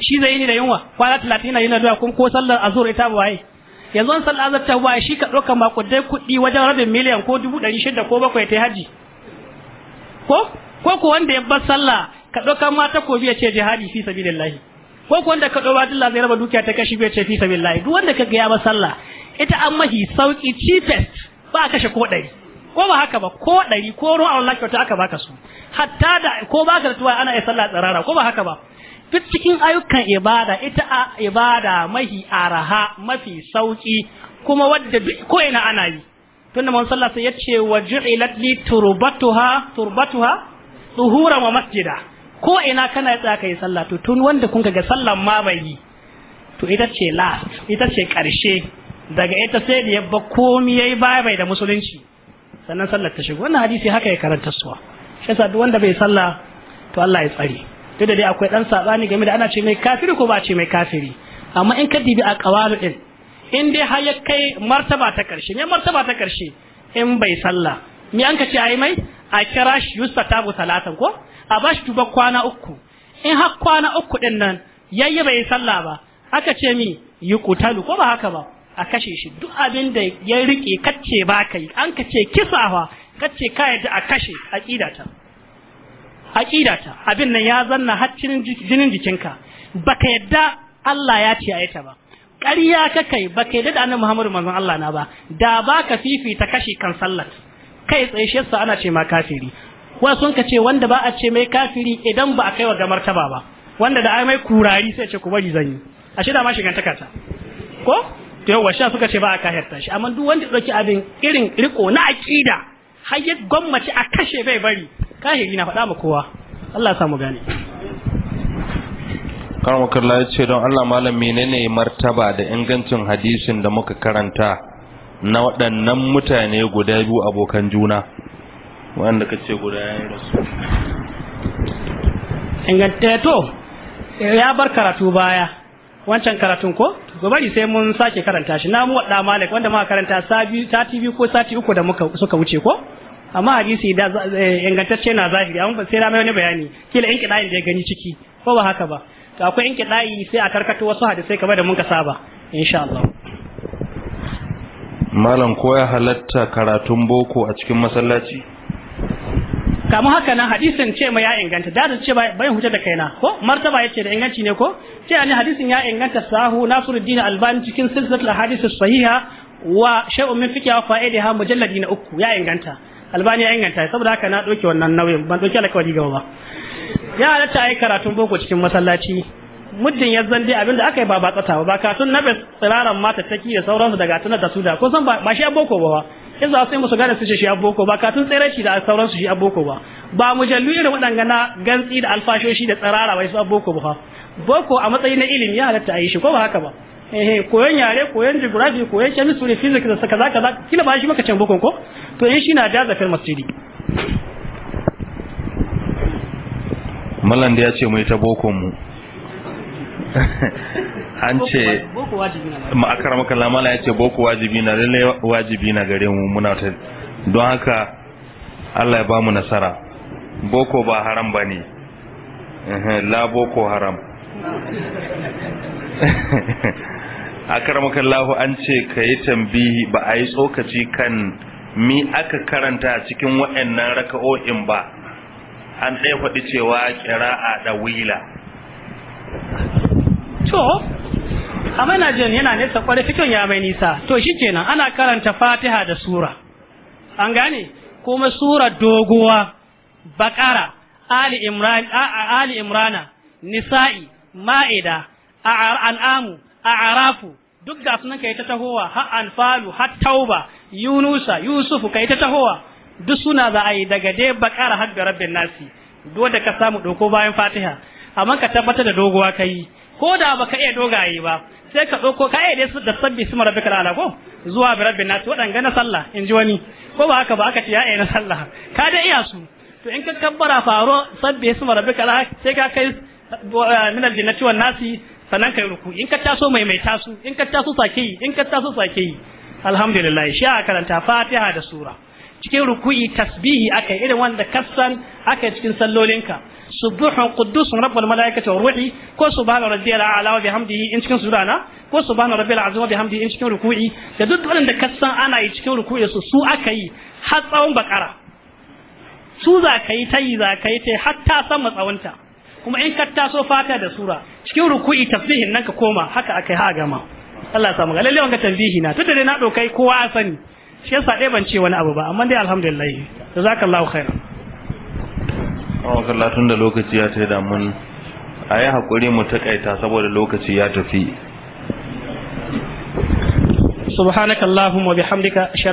shi zai yi da yunwa kwana 30 yana yana da kun ko sallar azur ita ba yi yanzu an sallar azhar ta ba shi ka dauka makudai kuɗi wajen rabin miliyan ko 600 ko bakwai ta haji ko ko ko wanda ya sallah ka ɗaukar ma takobi ya ce jihadi fi sabilillahi ko ko wanda ka ɗaukar dilla zai raba dukiya ta kashi biya ce fi sabilillahi duk wanda ka ga ya ba sallah ita an mahi sauki cheapest ba a kashe ko ɗari ko ba haka ba ko ɗari ko ruwa Allah wata aka baka su hatta da ko ba da tuwa ana yi sallah tsirara ko ba haka ba duk cikin ayyukan ibada ita a ibada mahi araha mafi sauki kuma wadda ko ina ana yi tunda man sallah sai yace wa ju'ilat li turbatuha turbatuha duhuran wa masjida ko ina kana tsaya kai sallah to tun wanda kun ga sallan ma bai yi to ita ce last ita ce karshe daga ita sai da yabba komai yayi bai bai da musulunci sannan sallar ta shigo wannan hadisi haka ya karanta suwa shi yasa duk wanda bai sallah to Allah ya tsare duk da dai akwai dan sabani game da ana ce mai kafiri ko ba ce mai kafiri amma in ka dibi a kawalu din in dai har ya kai martaba ta karshe ne martaba ta karshe in bai sallah me an ka ce ai mai a kira shi Yusuf ta salatan ko a bashi tuba kwana uku in har kwana uku din nan yayi bai sallah ba aka ce mi yuqtalu ko ba haka ba a kashe shi duk abin da ya rike kacce ba kai an kace kisa fa kacce ka yadda a kashe aqida ta abin nan ya zanna har jinin jikinka baka yadda Allah ya ce ayata ba ƙarya kai baka yadda da annabi Muhammadu manzon Allah na ba da baka fifita kashe kan sallar. kai tsaye shi yasa ana ce ma kafiri wa sun ka ce wanda ba a ce mai kafiri idan ba a kai wa ga martaba ba wanda da ai mai kurari sai ce ku bari zan yi ashe da ma shigantaka ta ko to yawa sha suka ce ba a kahirta shi amma duk wanda dauki abin irin riko na akida har ya gwammace a kashe bai bari kahiri na faɗa ma kowa Allah ya samu gane karamar ce don Allah malam menene martaba da ingancin hadisin da muka karanta na waɗannan mutane guda biyu abokan juna wanda ka ce guda ya rasu ingantato ya bar karatu baya wancan karatun ko gobari sai mun sake karanta shi na mu wadda malik wanda ma karanta sati biyu ko sati uku da suka wuce ko amma hadisi da eh, ingantacce na zahiri amma sai na mai wani bayani kila in kiɗayin da ya gani ciki ko ba haka ba to akwai in kiɗayi sai a karkatu wasu hadisai kamar da mun ka saba insha Allah malam ko ya halatta karatun boko a cikin masallaci kamar haka nan hadisin ce ma ya inganta da ce bayan huta da kaina ko martaba yace da inganci ne ko ce ani hadisin ya inganta sahu Nasiruddin Albani cikin silsilatul hadith sahiha wa shay'u min fiqh wa fa'idaha mujalladi uku ya inganta Albani ya inganta saboda haka na doke wannan nauyin ban doke alƙawari gaba ba ya halatta ai karatun boko cikin masallaci muddin ya zande da aka yi ba ba tsata ba katun na tsiraran mata taki da sauransu daga tunar da su da san ba shi aboko ba ba in za su yi musu gane su ce shi aboko ba katun tsere shi da sauransu shi aboko ba ba mujallu irin waɗanga na gantsi da alfashoshi da tsirara bai su aboko ba boko a matsayi na ilimi ya halatta a yi shi ko ba haka ba eh koyon yare koyon geography koyon chemistry physics da kaza kaza kila ba shi maka can boko ko to in shi na da fil masjidi mallan da ya ce mai ta bokon mu *laughs* an ce ma'akar makalla mala ya ce boko wajibi na lalle wajibi na gare mu muna ta don haka Allah ya ba mu nasara boko ba haram ba ne la boko haram *laughs* akar makallahu an ce ka yi tambihi ba a yi tsokaci kan mi aka karanta cikin waɗannan raka'o'in ba an ɗaya faɗi cewa kira a ɗawila. to amma ina jin yana nesa kwarai fikon ya mai nisa to shi kenan ana karanta fatiha da sura an gane kuma sura doguwa bakara ali imran ali imrana nisa'i ma'ida an'amu a'rafu duk ga sunan kai ta tahowa ha anfalu ha tauba yunusa yusufu kai ta tahowa duk suna za a yi daga dai bakara har ga rabbin nasi dole ka samu doko bayan fatiha amma ka tabbatar da doguwa kai ko da ba ka iya dogaye ba sai ka ɗauko ka iya su da sabbi su mara ka ko zuwa bi rabbi nasu waɗanga na sallah in ji wani ko ba haka ba aka ce ya na sallah ka da iya su to in ka kabbara faro sabbi su mara ka sai ka kai eh, min ciwon wan nasi sannan kai ruku in ka taso mai mai taso in ka taso sake yi in ka taso sake yi alhamdulillah shi karanta fatiha da sura cikin ruku'i tasbihi aka irin wanda kasan akai cikin sallolinka subhun quddusun rabbul malaikati war ruhi ko subhana rabbiyal a'la wa bihamdihi in cikin sudana ko subhana rabbil azim wa in cikin ruku'i da duk wanda ka san ana cikin ruku'i su su aka yi har tsawon bakara su za ka yi ta yi za ka yi ta yi har ta san matsawanta kuma in ka taso fata da sura cikin ruku'i tasbihin nan ka koma haka yi ha gama Allah ya samu ga lalle wanga tambihi na tunda dai na dokai kowa a sani shi yasa dai ban ce wani abu ba amma dai alhamdulillah jazakallahu khairan Allah tun da lokaci ya ce da mun a yi haƙuri mu taƙaita saboda lokaci ya tafi bihamdika